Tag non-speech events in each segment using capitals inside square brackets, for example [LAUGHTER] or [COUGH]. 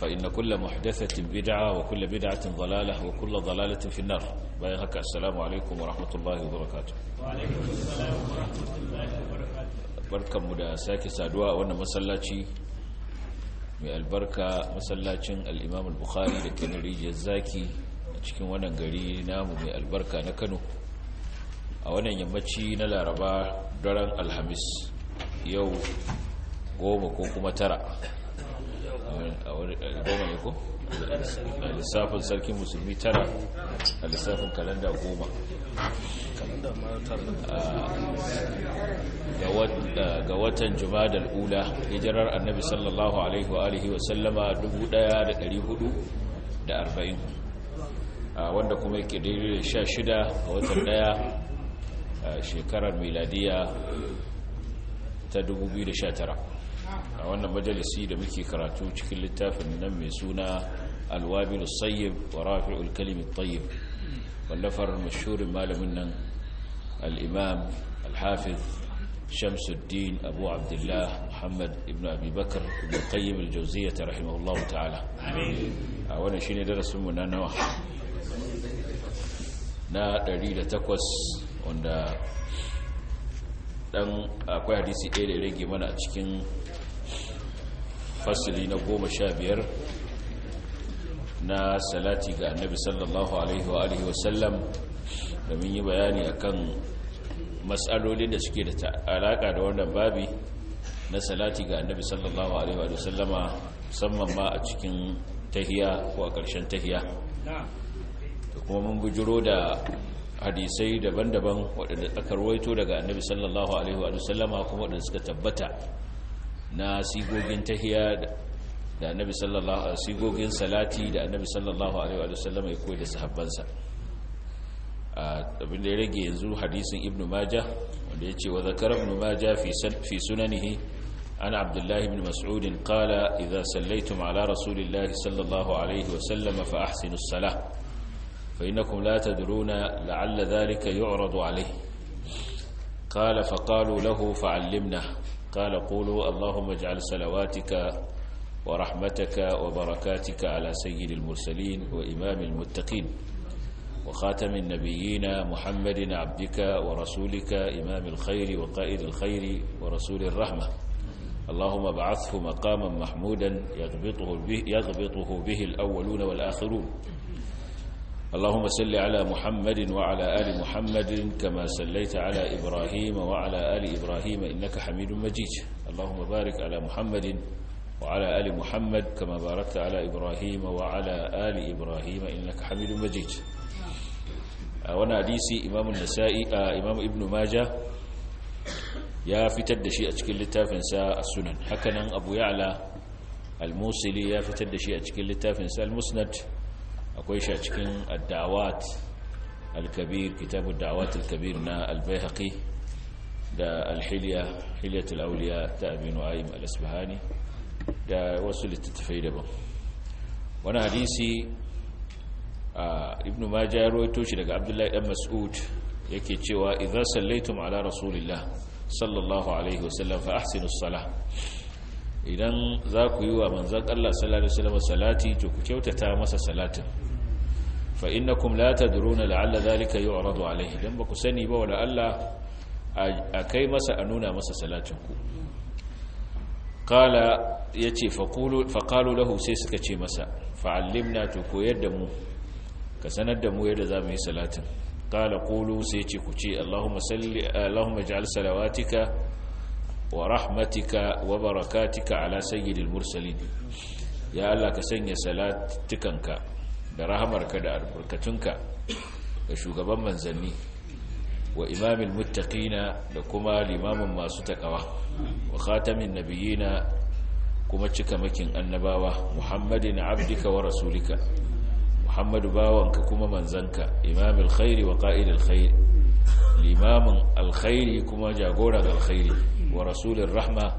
فإن كل محدثة بدعة وكل بدعة ضلالة وكل ضلالة في النار بايهك السلام عليكم ورحمة الله وبركاته وعليكم السلام ورحمة الله وبركاته بركة مدى ساكي سادواء وانا مسلاتي mai albarka masallacin al'imam bukhari da ke zaki a cikin wannan gari namu mai albarka na kano a wannan yammaci na laraba daren alhamis yau goma ko kuma tara a goma ne ko a lissafin sarkin musulmi tara a lissafin kalanda goma ga watan jumadal ula hijirar annabi sallallahu alaihi wa alihi wasallama 1440 wanda kuma yake daidai da shida a watan daya shekarar miladiya ta 2019 a wannan majalisi da muke karatu cikin littafin nan mai suna alwabilu sayyib wa rafi'ul kalimi tayyib wallafar mashurin malamin nan al-imam al-hafiz shamsuddin abu abdullah muhammad ibn abi bakr ibn qayyim al-jawziyyah rahimahullahu ta'ala a wannan shine darasin mu na nawa na 108 wanda dan akwai hadisi ɗaya da rage mana a cikin fasili na goma sha biyar na salati ga annabi sallallahu alaihi wa alihi wasallam mun yi bayani akan matsalolin da suke da alaƙa da wannan babi na salati ga annabi sallallahu alaihi wa sallama musamman ma a cikin tahiya ko a ƙarshen tahiya da kuma mun bujiro da hadisai daban-daban waɗanda aka daga annabi sallallahu alaihi wa sallama kuma waɗanda suka tabbata na sigogin tahiya da annabi sallallahu alaihi sigogin salati da annabi sallallahu alaihi wa sallama ya koyi da sahabbansa abin da ya rage yanzu hadisin ibn majah wanda ya ce wa zakara ibnu majah fi sunanihi عن abdullahi ibn بن qala قال إذا سليتم على رسول الله صلى الله عليه وسلم فأحسنوا الصلاة فإنكم لا تدرون لعل ذلك يعرض عليه قال فقالوا له فعلمنا قال قولوا اللهم اجعل سلواتك ورحمتك وبركاتك على سيد المرسلين وإمام المتقين وخاتم النبيين محمد عبدك ورسولك إمام الخير وقائد الخير ورسول الرحمة اللهم ابعثه مقاما محمودا يغبطه به, يغبطه به الأولون والآخرون اللهم صل على محمد وعلى آل محمد كما صليت على إبراهيم وعلى آل إبراهيم إنك حميد مجيد اللهم بارك على محمد وعلى آل محمد كما باركت على إبراهيم وعلى آل إبراهيم إنك حميد مجيد وانا حديثي إمام النسائي إمام ابن ماجه يا فتد شيء أتكل لتافنسا السنن حكنا أبو يعلى الموصلي يا فتد شيء أتكل لتافنسا المسند akwai shi a cikin addawat al-kabir kitabu dawat al-kabir na al-baihaqi da al-hilya hilyatul awliya ta abi nu'aym al-asbahani da wasu littattafai daban wani hadisi ibn majah ya rawaito shi daga abdullahi dan mas'ud yake cewa idza sallaitum ala rasulillah sallallahu alaihi wasallam fa ahsinus salah idan za ku yi wa manzan Allah sallallahu Alaihi wasallam salati to ku kyautata masa salatin fa innakum la tadruna la'alla zalika yu'radu alayhi dan ba ku sani ba wala Allah a kai masa a nuna masa salatin ku qala yace faqulu faqalu lahu sai suka ce masa fa'allimna ta koyar da mu ka sanar da mu yadda zamu yi salatin qala qulu sai ce ku ce Allahumma salli Allahumma salawatika wa rahmatika wa barakatika ala sayyidil mursalin ya Allah ka sanya salatikanka. da rahamarka da albarkatunka ga shugaban manzanni wa imamin muttaqina da kuma limamin masu takawa wa khatamin nabiyina kuma cikamakin annabawa muhammadin abdika wa rasulika muhammadu bawanka kuma manzanka imamil khairi wa qa'idil limamin alkhairi kuma jagoran alkhairi wa rasulin rahma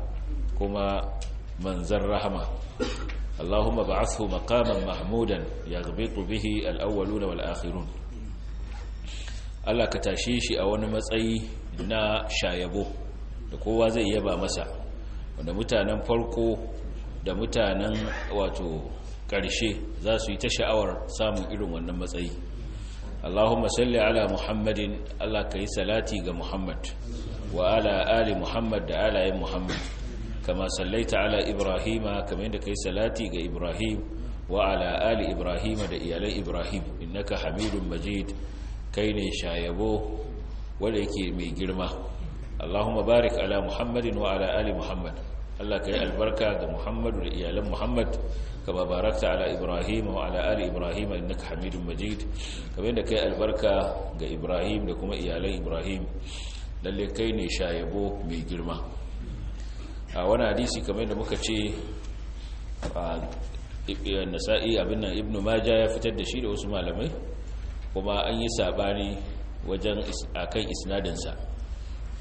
kuma manzan rahma. اللهم ya مقاما محمودا يغبط به الأولون والآخرون Allah ka tashe shi a wani matsayi na shayabo da kowa zai yaba masa wanda mutanen farko da mutanen wato ƙarshe za su yi ta sha'awar samun irin wannan matsayi Allahumma salli ala Muhammadin Allah ka yi salati ga Muhammad wa ala ali Muhammad da alayen Muhammad kama sallaita ala ibrahima kamar yadda kai salati ga ibrahim wa ala ali ibrahima da iyalan ibrahim innaka hamidun majid kai ne shayabo wanda yake mai girma allahumma barik ala muhammadin wa ala ali muhammad Allah ka yi albarka ga Muhammadu da iyalan Muhammad ka babarakta ala Ibrahim wa ala ali Ibrahim innaka Hamidum Majid kamar yadda kai albarka ga Ibrahim da kuma iyalan Ibrahim lalle kai ne shayabo mai girma a wani hadisi kamar da muka ce a nasa'i abinnan nan ibnu maja ya fitar da shi da wasu malamai kuma an yi sabani wajen kan isnadinsa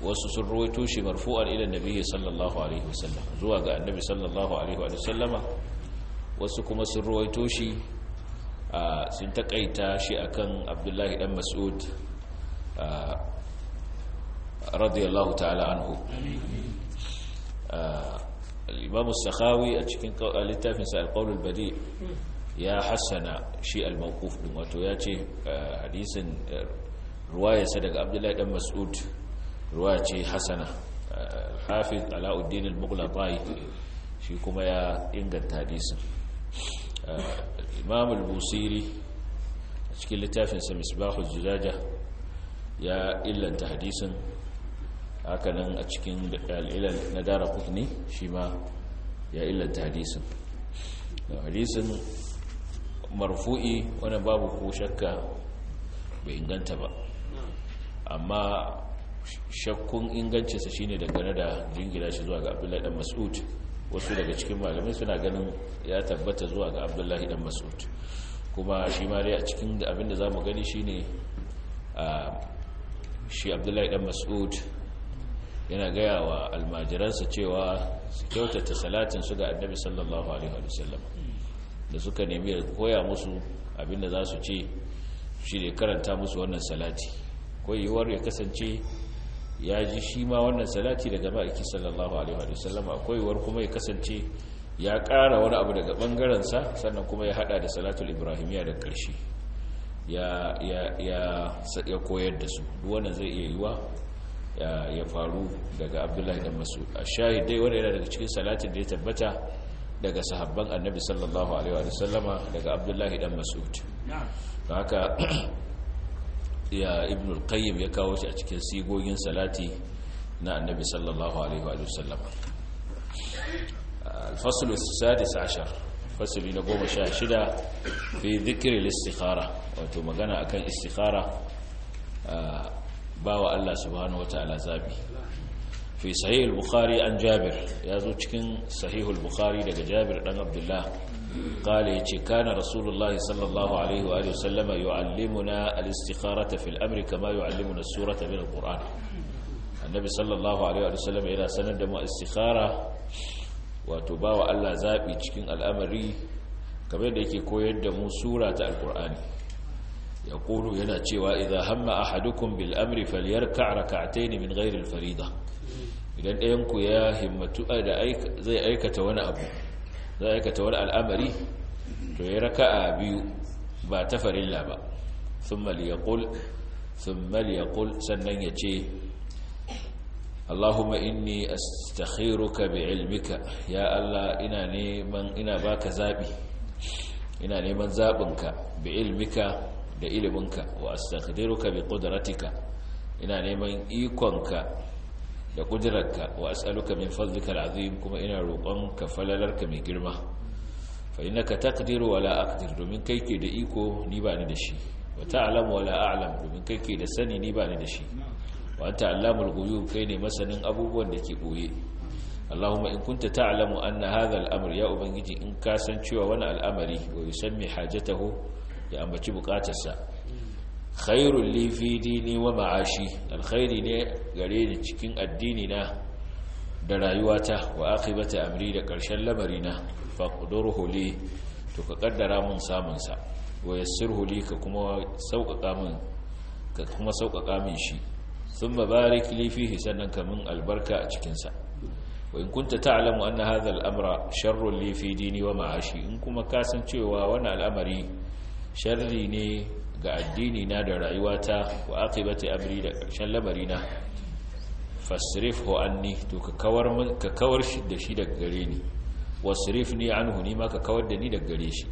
wasu sun ruwaito shi marfu'an ila nabi sallallahu alaihi wasallam zuwa ga annabi sallallahu alaihi wasallama wasu kuma sun ruwaito shi sun taƙaita shi a kan abdullahi dan mas'ud radiyallahu ta'ala anhu al-imam sakhawi a cikin littafin sa al-qawl al-badi ya hassana shi al-mawquf din wato ya ce hadisin ruwayarsa daga abdullahi dan mas'ud ruwaya ce hasana hafiz alauddin al-mughlatai shi kuma ya inganta hadisin imam al-busiri a cikin littafinsa misbahul jizaja ya illanta hadisin hakanan a cikin al'ilal na dara kutni shi ma ya illanta hadisin da hadisin marfu'i wani babu ko shakka bai inganta ba amma shakkun ingancinsa shine na da jingila shi zuwa ga abdullahi dan mas'ud wasu daga cikin malamai suna ganin ya tabbata zuwa ga abdullahi dan mas'ud kuma shi ma dai a cikin abinda za mu gani shine shi abdullahi dan mas'ud yana gaya wa almajiransa cewa su kyautata salatin su ga annabi sallallahu alaihi wasallam da suka nemi ya koya musu abinda za su ce shi ne karanta musu wannan salati ko yiwuwar ya kasance ya ji shi ma wannan salati daga ma'aiki sallallahu alaihi wasallam akwai yiwuwar kuma ya kasance ya kara wani abu daga bangaren sa sannan kuma ya hada da salatul ibrahimiyya da karshe ya koyar da su duk wannan zai iya yiwa ya faru daga abdullahi dan mas'ud a shahid dai wanda yana daga cikin salatin da ya tabbata daga sahabban annabi sallallahu alaihi wa sallama daga abdullahi dan mas'ud Da haka [CLEARS THROAT] ya ibn al-qayyim ya kawo shi a cikin sigogin salati na annabi sallallahu alaihi wa sallama al-fasl as-sadis ashar fasli na 16 fi dhikri al-istikhara wato magana akan istikhara ah, bawa Allah subhanahu wataala zabi fi sahih al-bukhari an jabir yazo cikin sahih al-bukhari daga jabir dan abdullah qala yace kana rasulullahi sallallahu alaihi wa alihi wasallama yuallimuna al-istikharata fil amri kama yuallimuna as-surata min al-qur'an annabi sallallahu alaihi wa sallama yana sanar da mu istikhara wato bawa Allah zabi cikin al'amari kamar da yake koyar da mu sura ta al-qur'ani ya kulu yana cewa idza hamma ahadukum bil amri falyarka' rak'atayn min ghairi al farida idan ɗayan ku ya himmatu da zai aikata wani abu zai aikata wani al'amari to ya raka'a biyu ba ta farilla ba thumma liyaqul thumma liyaqul sannan ya ce Allahumma inni astakhiruka bi'ilmika ya Allah ina neman ina baka zabi ina neman zabinka bi'ilmika da iliminka wa astaghfiruka bi qudratika ina neman ikonka da kudirarka wa as'aluka min fadlika al'azim kuma ina roƙonka falalarka mai girma fa innaka taqdiru wa la aqdir domin kai ke da iko ni ba ni da shi wa ta'lamu wa la a'lam domin kai ke da sani ni ba ni da shi wa anta allamul ghuyub kai ne masanin abubuwan da ke boye Allahumma in kunta ta'lamu anna hadha al'amr ya ubangiji in ka san cewa wani al'amari wa yusammi hajatahu ya ambaci bukatarsa khairul li dini wa ma'ashi alkhairi ne gare ni cikin addini na da rayuwata wa akhibata amri da karshen lamari na faqdurhu li to ka kaddara mun samun sa wa yassirhu li ka kuma sauƙaƙa mun ka kuma sauƙaƙa min shi sun barik li fihi sannan ka albarka a cikin sa wa in kunta ta'lamu anna hadha al-amra sharrun li fi dini wa ma'ashi in kuma kasancewa cewa wannan al'amari sharri ne ga addini na da rayuwata wa aqibati amri da karshen lamarina fasrifhu anni to ka kawar ka kawar shi da shi daga gare ni wasrifni anhu ni ma ka kawar da ni daga gare shi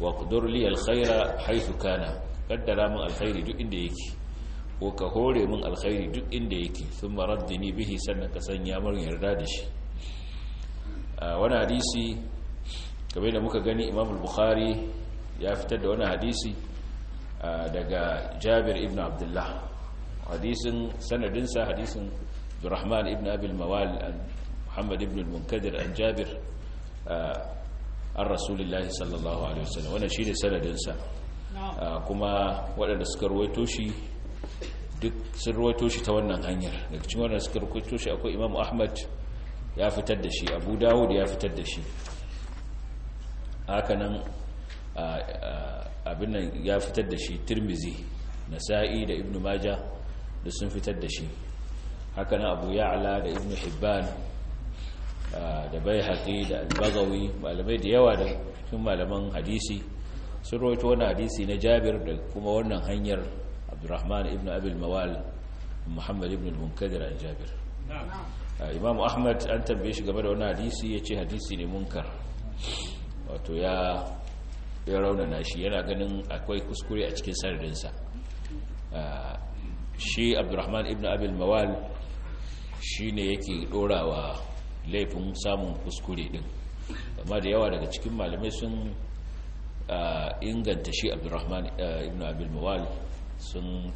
wa qdur li alkhaira haythu kana qaddara min alkhairi duk inda yake ko ka hore min alkhairi duk inda yake thumma raddini bihi sannan ka sanya mun yarda da shi a ah, wani hadisi kamar da muka gani imam al-bukhari ya fitar da wani hadisi daga jabir ibn abdullah hadisin sanadinsa hadisin durrahman ibn abil mawal muhammad ibn al-munkadir an jabir an rasulullahi sallallahu alaihi wasallam wannan shine sanadinsa kuma waɗanda suka ruwaito shi duk sun ruwaito shi ta wannan hanyar daga cikin waɗanda suka ruwaito shi akwai imam ahmad ya fitar da shi abu dawud ya fitar da shi hakanan abin nan ya fitar da shi tirmizi nasa'i da ibnu maja da sun fitar da shi haka na abu ya'la da Ibn hibban da baihaqi da al malamai da yawa da sun malaman hadisi sun rawaito wani hadisi na Jabir da kuma wannan hanyar Abdurrahman ibn Abi mawal Muhammad ibn al-Munkadir an Jabir Imam Ahmad an tambaye shi game da wani hadisi ya ce hadisi ne munkar wato ya ya na shi yana ganin akwai kuskure a cikin sararinsa ah, shi abdurrahman ibn abil mawal shi ne yake dorawa laifin samun kuskure din amma da yawa daga cikin malamai sun ah, inganta shi abdurrahman ah, ibn abil mawal sun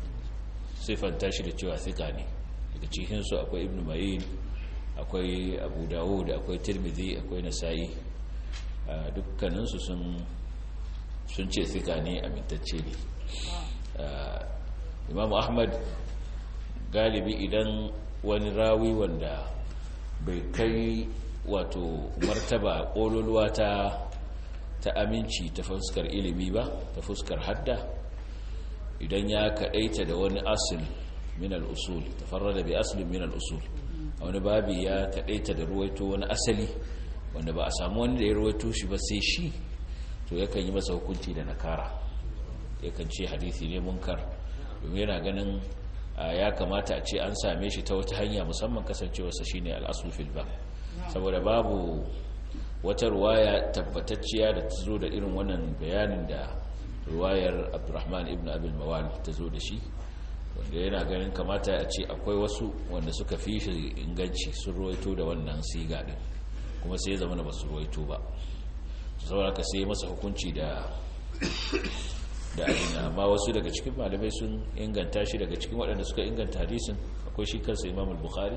siffanta shi da cewa sika ne daga cikinsu akwai ibn mayin akwai abu da akwai tirmidhi akwai nasa'i dukkaninsu sun sun ce sika ne amintacce ne ah, imamu ahmad galibi idan wani rawi wanda bai kai wato martaba ƙololwa ta ta aminci ta fuskar ilimi ba ta fuskar hadda idan ya kaɗaita da wani asali min ta usul da bi asilin min usul a wani babi ya kaɗaita da ruwaito wani asali wanda ba a samu wani da ya ruwaito shi ba sai shi to yakan yi masa hukunci da nakara yakan ce hadithi ne munkar domin yana ganin ya kamata a ce an same shi ta wata hanya musamman kasancewarsa shine ne ba saboda babu wata ruwaya tabbatacciya da ta zo da irin wannan bayanin da ruwayar abdurrahman ibn abin mawal ta zo da shi wanda yana ganin kamata a ce akwai wasu wanda suka fi shi inganci sun ruwaito da wannan siga din kuma sai zama na basu ruwaito ba saboda ka sai masa hukunci da da abin amma wasu daga cikin malamai sun inganta shi daga cikin waɗanda suka inganta hadisin akwai shi kansa imamul bukhari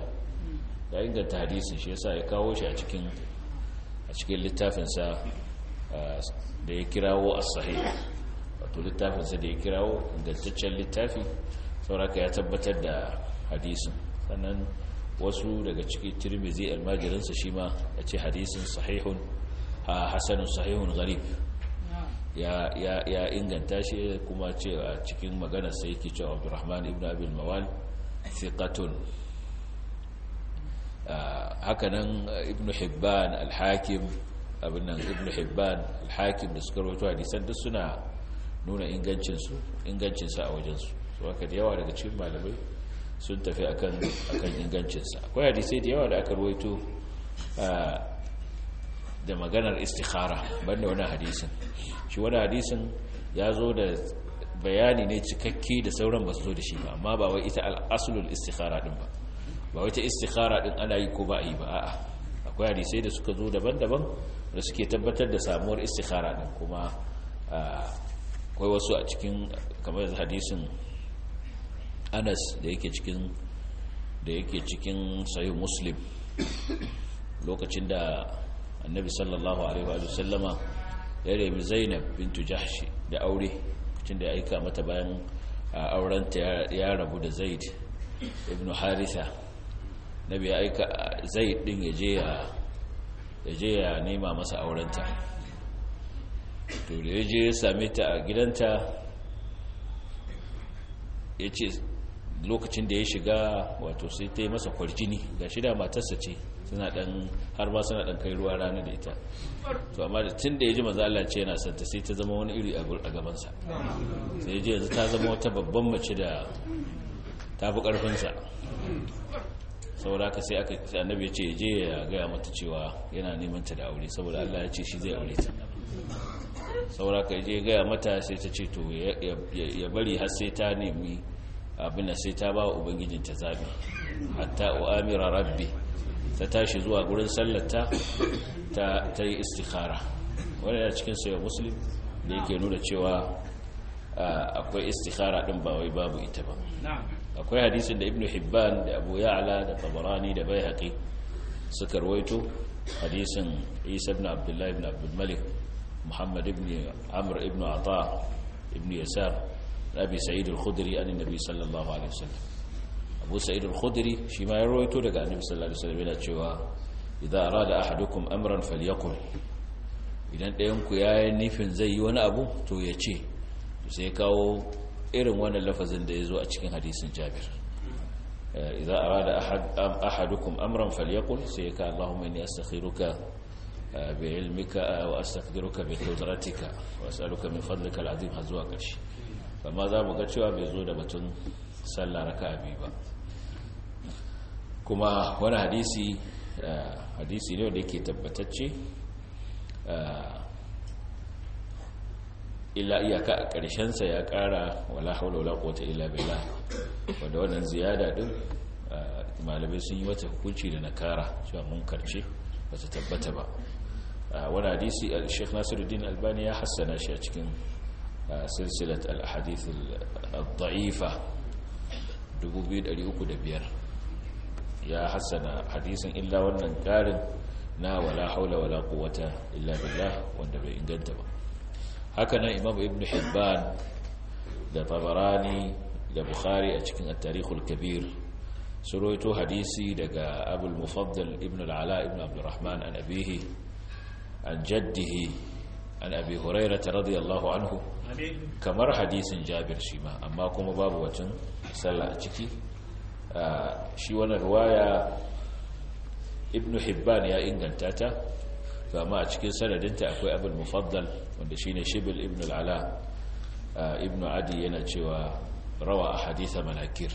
ya inganta hadisin shi yasa ya kawo shi a cikin a cikin littafinsa da ya kirawo as-sahih wato littafinsa da ya kirawo ingantaccen littafi sauraka ya tabbatar da hadisin sannan wasu daga cikin tirmizi almajirinsa shi ma ya ce hadisin sahihun hasanun sahihun gari ya inganta shi kuma ce a cikin magana sai ke cewa abdurrahman ibn abin mawal thiqatun ah, hakanan eh, ibn hibban alhakim abin nan ibn hibban alhakim da suka rubuta hadisan duk suna nuna ingancinsu ingancinsa a wajensu su haka da yawa daga cikin malamai sun tafi akan ingancinsa akwai hadisai da yawa da aka rawaito ah, da maganar istikhara banda wani hadisin shi wani hadisin ya zo da bayani ne cikakke da sauran basu zo da shi ba amma ba wai ita al'asulul istikhara din ba ba wai ta istikhara din ana yi ko ba a yi ba a'a akwai hadisai da suka zo daban-daban da suke tabbatar da samuwar istikhara din kuma akwai wasu a cikin kamar hadisin anas da yake cikin da yake cikin sahih muslim lokacin da annabi sallallahu alaihi wa sallama ya remi zainab bintu jahshi da aure cikin da ya aika mata bayan aurenta ya rabu da zaid ibn haritha nabi ya aika zaid din ya je ya nema masa aurenta to da ya ya same ta a gidanta ya ce lokacin da ya shiga wato sai ta yi masa kwarjini ga shida matarsa ce suna dan har ba suna dan kai ruwa rana da ita to amma da tun da ya ji maza Allah ce yana santa sai ta zama wani iri a gaban sa sai ji yanzu ta zama wata babban mace da ta fi karfin sa saboda haka sai aka sai annabi ya ce je ya ga mata cewa yana neman ta da aure saboda Allah ya ce shi zai aure ta saboda ka je gaya mata sai ta ce to ya bari har sai ta nemi abin da sai ta ba ubangijin ta zabi hatta u'amira rabbi ta tashi zuwa gurin sallata ta yi istikhara wanda ya cikin sayo muslim da yake nuna cewa akwai istikhara ɗin ba wai babu ita ba akwai hadisin da ibnu hibban da abu ya'la da tabarani da baihaqi suka rawaito hadisin isa ibn abdullah ibn abdul muhammad ibn amr ibn ata ibn yasar abi sa'id al-khudri an nabi sallallahu alaihi wasallam abu sa'id al-khudri shi ma ya rawaito daga annabi sallallahu alaihi wasallam cewa idza arada ahadukum amran falyakul idan ɗayan ku yayi nufin zai yi wani abu to ya ce sai kawo irin wannan lafazin da yazo a cikin hadisin Jabir eh, idza arada ahadukum amran falyakul sai ka Allahumma inni astakhiruka بعلمك واستقدرك بقدرتك واسالك من فضلك العظيم har zuwa karshe amma za mu ga cewa bai zo da batun sallah raka'a biyu ba kuma wani hadisi eh, hadisi ne da yake tabbatacce eh, illa iyaka a ƙarshensa ya ƙara wala haula wala ƙota illa billah wanda wannan ziyada din eh, malamai sun yi wata hukunci da nakara cewa mun karce ba ta tabbata ba wani hadisi al-sheikh nasiruddin albani ya hassana shi a cikin silsilat al-ahadith al-da'ifa 2305 ya hassana hadisin illa wannan karin na wala haula wala quwwata illa billah wanda bai inganta ba haka nan imam ibnu hibban da tabarani da bukhari a cikin at-tarikhul kabir su hadisi daga abul mufaddal ibnu al-ala abdurrahman an abihi an jaddihi an abi hurairah radiyallahu anhu kamar hadisin jabir shima amma kuma babu wacin sallah a ciki Ah, shi wannan ruwaya ibn hibban ya inganta ta amma a cikin sanadinta akwai abul mufaddal wanda shine shibil ibn al-ala ah, ibn adi yana cewa rawa a haditha manakir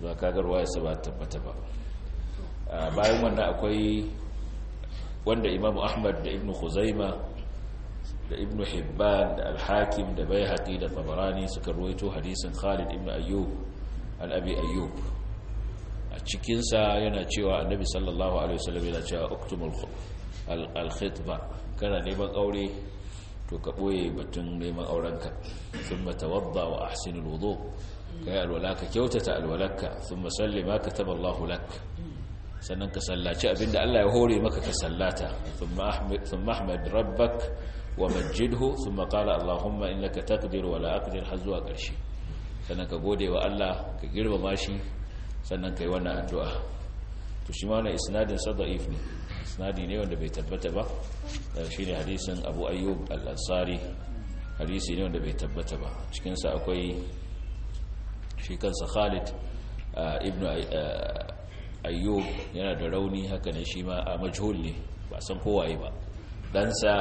ba kagar waya tabbata ba ah, bayan wannan akwai wanda imamu ahmad da ibn khuzaima da ibn hibban da alhakim da da bayhaqi da tabarani suka ruwaito hadisin khalid ibn ayyub al'abi ayyub cikinsa yana cewa annabi sallallahu alaihi wasallam yana cewa uktumul al kana neman aure to ka boye batun neman aurenka thumma tawadda wa ahsin wudu kai alwalaka ka kyautata alwalaka thumma salli ma kataba allah lak sannan ka sallaci abinda Allah ya hore maka ka sallata thumma ahmid thumma ahmad rabbak wa majjidhu thumma qala Allahumma innaka taqdiru wa la aqdir hazwa karshe sannan ka gode wa Allah ka girmama shi sannan kai wannan addu'a to shi ma wannan isnadin sada'if ne isnadi ne wanda bai tabbata ba eh, shi ne hadisin abu ayyub al-ansari hadisi ne wanda bai tabbata ba cikinsa akwai shi kansa khalid eh, ibn eh, ayyub yana da rauni haka ne shi ma a majhul ne ba san kowaye ba sa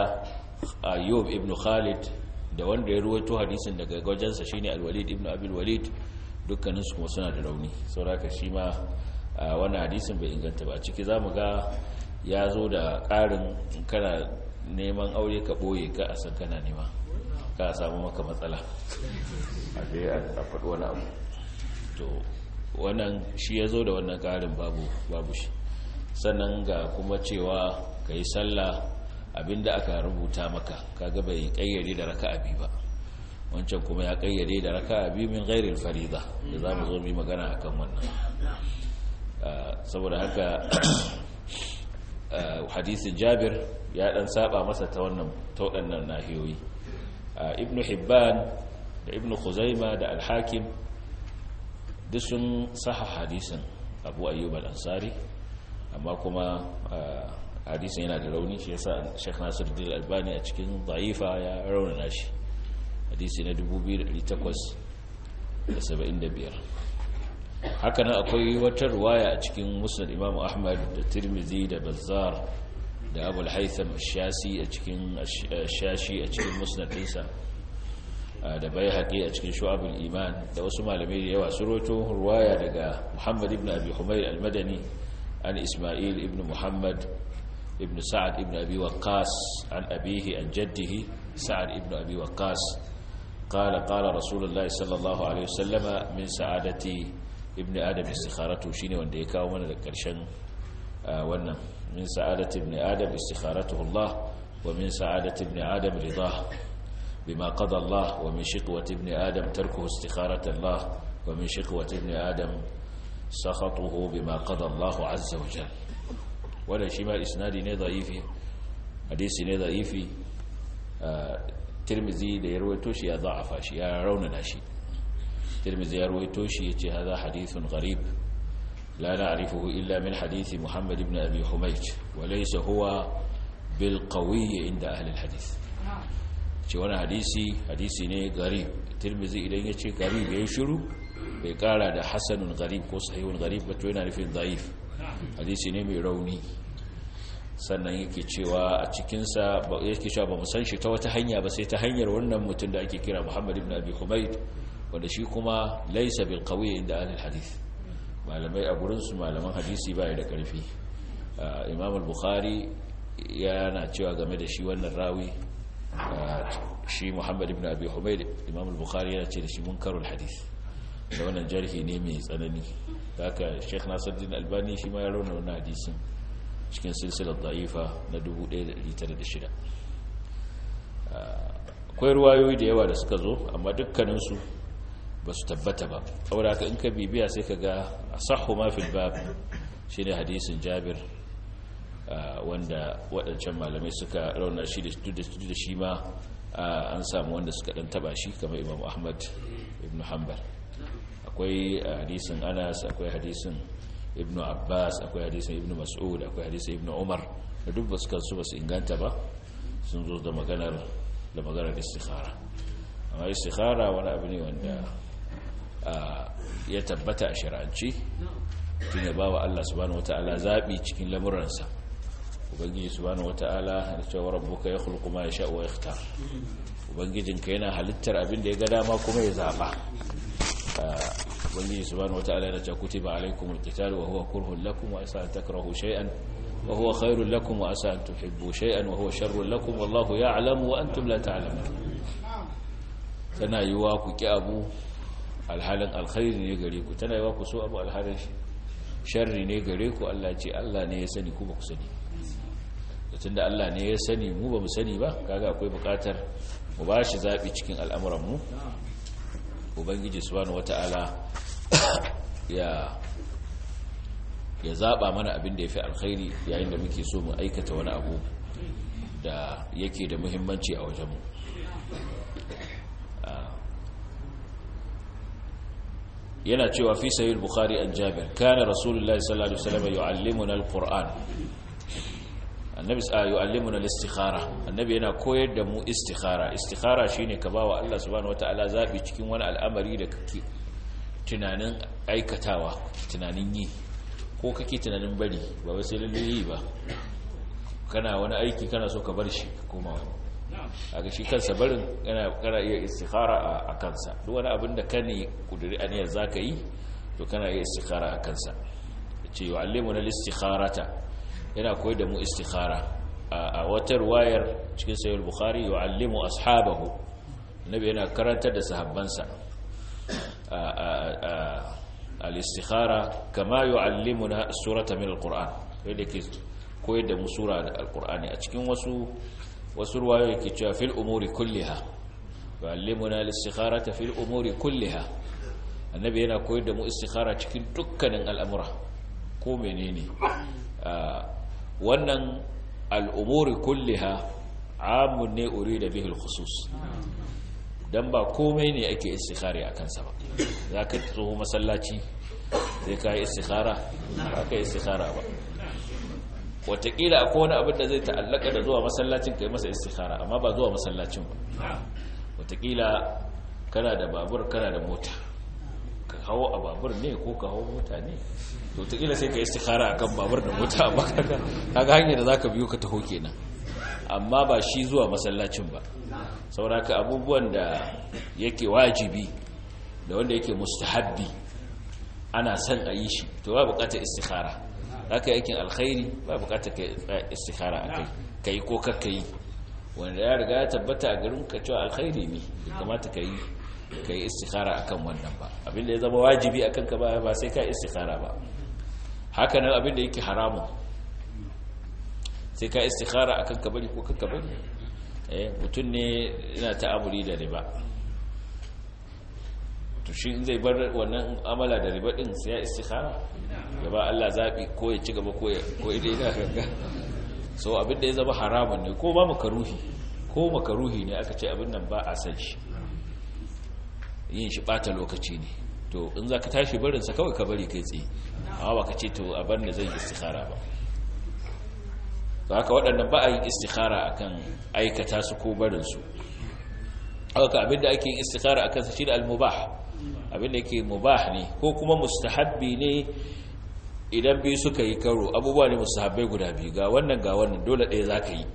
ayyub ibn khalid da wanda ya ruwaito hadisin daga gwajensa shine alwalid ibn al walid dukkaninsu kuma suna da rauni ka shi ma wani hadisin bai inganta ba ciki za mu ga ya zo da ƙarin kana neman aure ka boye ka a san kana nema ka samu maka matsala a zai a faɗi wani abu to wannan shi ya zo da wannan karin babu shi sannan ga kuma cewa ka yi sallah abinda aka rubuta maka ka kaga bai ƙayyade da raka abi ba wancan kuma ya kayyade da raka biyu min ghairil fariza da za mu zo mu magana akan wannan ah, saboda haka [COUGHS] ah, hadisin jabir ya dan saba masa ta wannan ta nahiyoyi ah, ibn hibban da ibn khuzaima da alhakim duk sun saha hadisin abu ayyub al-ansari amma kuma hadisin yana da rauni shi yasa Sheikh Nasir Dil Albani a cikin da'ifa ya raunana shi hadisi na 2875 haka nan akwai wata ruwaya a cikin musnad imamu ahmad da tirmizi da bazzar da abul haitham eh, shashi a cikin shashi musnad da bai a cikin shu'abul iman da wasu malamai da yawa su ruwaya daga muhammad ibn abi humayr al-madani an isma'il ibn muhammad ibn sa'ad ibn abi waqqas an abihi an jaddihi sa'ad ibn abi قال قال رسول الله صلى الله عليه وسلم من سعادة ابن آدم استخارته شيني وان ديكا ومن الكرشن آه، وانا من سعادة ابن آدم استخارته الله ومن سعادة ابن آدم رضاه بما قضى الله ومن شقوة ابن آدم تركه استخارة الله ومن شقوة ابن آدم سخطه بما قضى الله عز وجل ولا شيء ما إسنادي ضعيفي حديثي ضعيفي آه، tirmizi da ya rawaito shi ya za'afa shi ya raunana shi tirmizi ya rawaito shi yace hadha hadithun gharib la na'rifuhu illa min hadithi muhammad ibn abi humayt wa laysa huwa bil qawiy inda ahli al hadith ce wani hadisi hadisi ne garib tirmizi idan ya ce garib ya shiru bai kara da hasanun garib ko sahihun garib ba to yana nufin zaif hadisi ne mai rauni sannan yake cewa a cikinsa yake cewa ba san shi ta wata hanya ba sai ta hanyar wannan mutum da ake kira muhammad ibn abi humaid wanda shi kuma laisa bil qawi inda ahlul hadith malamai a gurinsu malaman hadisi ba da karfi imam al-bukhari yana cewa game da shi wannan rawi shi muhammad ibn abi humaid imam al-bukhari yana ce da shi munkarul hadith da wannan jarhi ne mai tsanani haka sheikh nasiruddin albani shi ma ya rauna wannan hadisin cikin silsilar da'ifa na 1906 akwai ruwayoyi da yawa da suka zo amma dukkaninsu ba su tabbata ba saboda ka in ka bibiya sai ka ga a sahu ma fil shi ne hadisin jabir wanda waɗancan malamai suka rauna shi da shi ma an samu wanda suka ɗan taba shi kamar imam ahmad ibn hanbal akwai hadisin anas akwai hadisin ibn abbas akwai hadisin ibn mas'ud akwai hadisin ibn umar da duk basu kansu basu inganta ba sun zo da maganar da maganar istikhara amma istikhara wani abu ne wanda ya tabbata a shari'anci tun ya bawa Allah subhanahu zaɓi cikin lamuransa ubangiji subhanahu wata'ala da cewa rabbuka ya khulqu ma yasha wa yakhtar ubangijinka yana halittar abin da ya ga dama kuma ya zaɓa ubangiji subhanahu wataala yana cewa kutiba alaikumul qital wa huwa kurhun lakum wa asa an takrahu shay'an wa huwa khairul lakum wa asa an tuhibbu shay'an wa huwa sharrun lakum wallahu ya'lamu wa antum la ta'lamun tana yiwa ku ki abu alhalin alkhairi ne gare ku tana yiwa ku so abu alhalin sharri ne gare ku Allah ce Allah ne ya sani ku ba ku sani tunda Allah ne ya sani mu ba mu sani ba kaga akwai bukatar mu ba shi zabi cikin al'amuran mu ubangiji subhanahu wata'ala [COUGHS] ya ya zaba mana abin da yafi alkhairi yayin da muke so mu aikata wani abu da yake da muhimmanci a wajenmu ah. yana cewa fi sahih bukhari an jabir kana rasulullahi sallallahu alaihi wasallam yu'allimuna alquran annabi yu'allimuna al-istikhara annabi yana koyar da mu istikhara istikhara shine ka bawa Allah subhanahu wataala zabi cikin wani al'amari da kake tunanin aikatawa tunanin yi ko kake tunanin bari ba wai sai lalle ba kana wani aiki kana so ka bar shi koma wani ga shi kansa barin kana iya istikhara a kansa duk wani abin da kani kuduri aniyar zaka yi to kana iya istikhara a kansa ce yu'allimuna al-istikharata yana koyar da mu istikhara a wata wayar cikin sahih bukhari yu'allimu ashabahu nabi yana karantar da sahabbansa al-istikhara kama yu'allimuna surata min al-qur'an da ke koyar da mu sura da al-qur'ani a cikin wasu wasu ruwayoyi ke cewa fil umuri kulliha na al ta fil umuri kulliha annabi yana koyar da mu istikhara cikin dukkanin al'amura ko menene wannan al'umuri kulliha amun ne uri da bihul khusus don ba komai ne ake istikhari a kansa ba za ka tsoho masallaci zai ka yi istikhara ba ka yi istikhara ba watakila a kowane abin da zai ta'allaka da zuwa masallacin ka yi masa istikhara amma ba zuwa masallacin ba watakila kana da babur kana da mota hawo a babur ne ko ka mota ne to ta ila sai ka istikhara akan babur da mota ba kaga hanyar da zaka biyo ka taho kenan amma ba shi zuwa masallacin ba sauraka abubuwan da yake wajibi da wanda yake mustahabbi ana son a yi shi to ba bukatar istikhara yi aikin alkhairi ba bukatar istikhara akai kai ko kakkai wanda ya riga ya tabbata a garin ka cewa alkhairi ne kamata ka yi ka yi istikhara kan wannan ba abin da ya zama wajibi a ka ba ba sai ka yi istikhara ba haka nan abin da yake haramun sai ka yi istikhara a ka bari ko kanka bari eh mutum ne yana amuri da riba to shi zai bar wannan amala da riba din sai ya istikhara ba Allah zabi ko ya ci gaba ko ya ko ganga so abin da ya zama haramun ne ko ba makaruhi ko makaruhi ne aka ce abin nan ba a san shi yin shi bata lokaci ne to in za ka tashi barinsa kawai ka bari kai tsaye amma ba ka ce to a da zai istihara ba za ka waɗanda ba a yin a akan aikata su ko barinsu ka abinda ake yin istikhara a kansa shi da almubah abinda yake mubah ne ko kuma mustahabbi ne idan biyu suka yi karo abubuwa ne mustahabbai guda biyu ga wannan ga wannan dole ɗaya za ka yi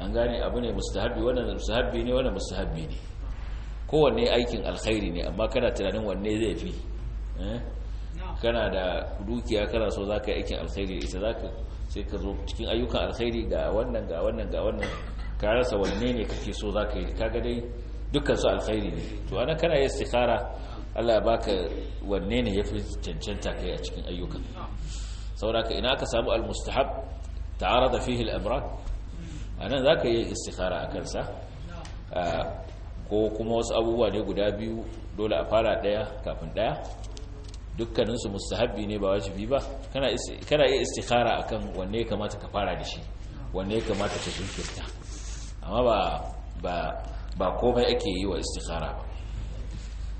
an gane abu ne mustahabbi wannan mustahabbi ne wannan mustahabbi ne kowanne aikin alkhairi ne amma kana tunanin wanne zai fi eh? kana da dukiya kana so za ka yi aikin alkhairi ita za ka sai ka zo cikin ayyukan alkhairi ga wannan ga wannan ga wannan ka rasa wanne ne kake so za ka yi kaga dai dukkan su alkhairi ne to ana kana yin istikhara Allah ya baka wanne ne yafi cancanta kai a cikin ayyukan sauraka ina ka samu almustahab ta'arada fihi al-amrad anan zaka yi istikhara akan sa ah, ko kuma wasu abubuwa ne guda biyu dole a fara daya kafin daya dukkaninsu musu mustahabbi ne ba wajibi ba kana iya a kan wanne kamata ka fara da shi wanne kamata ka jinkirta amma ba ba komai ake yi wa istikara ba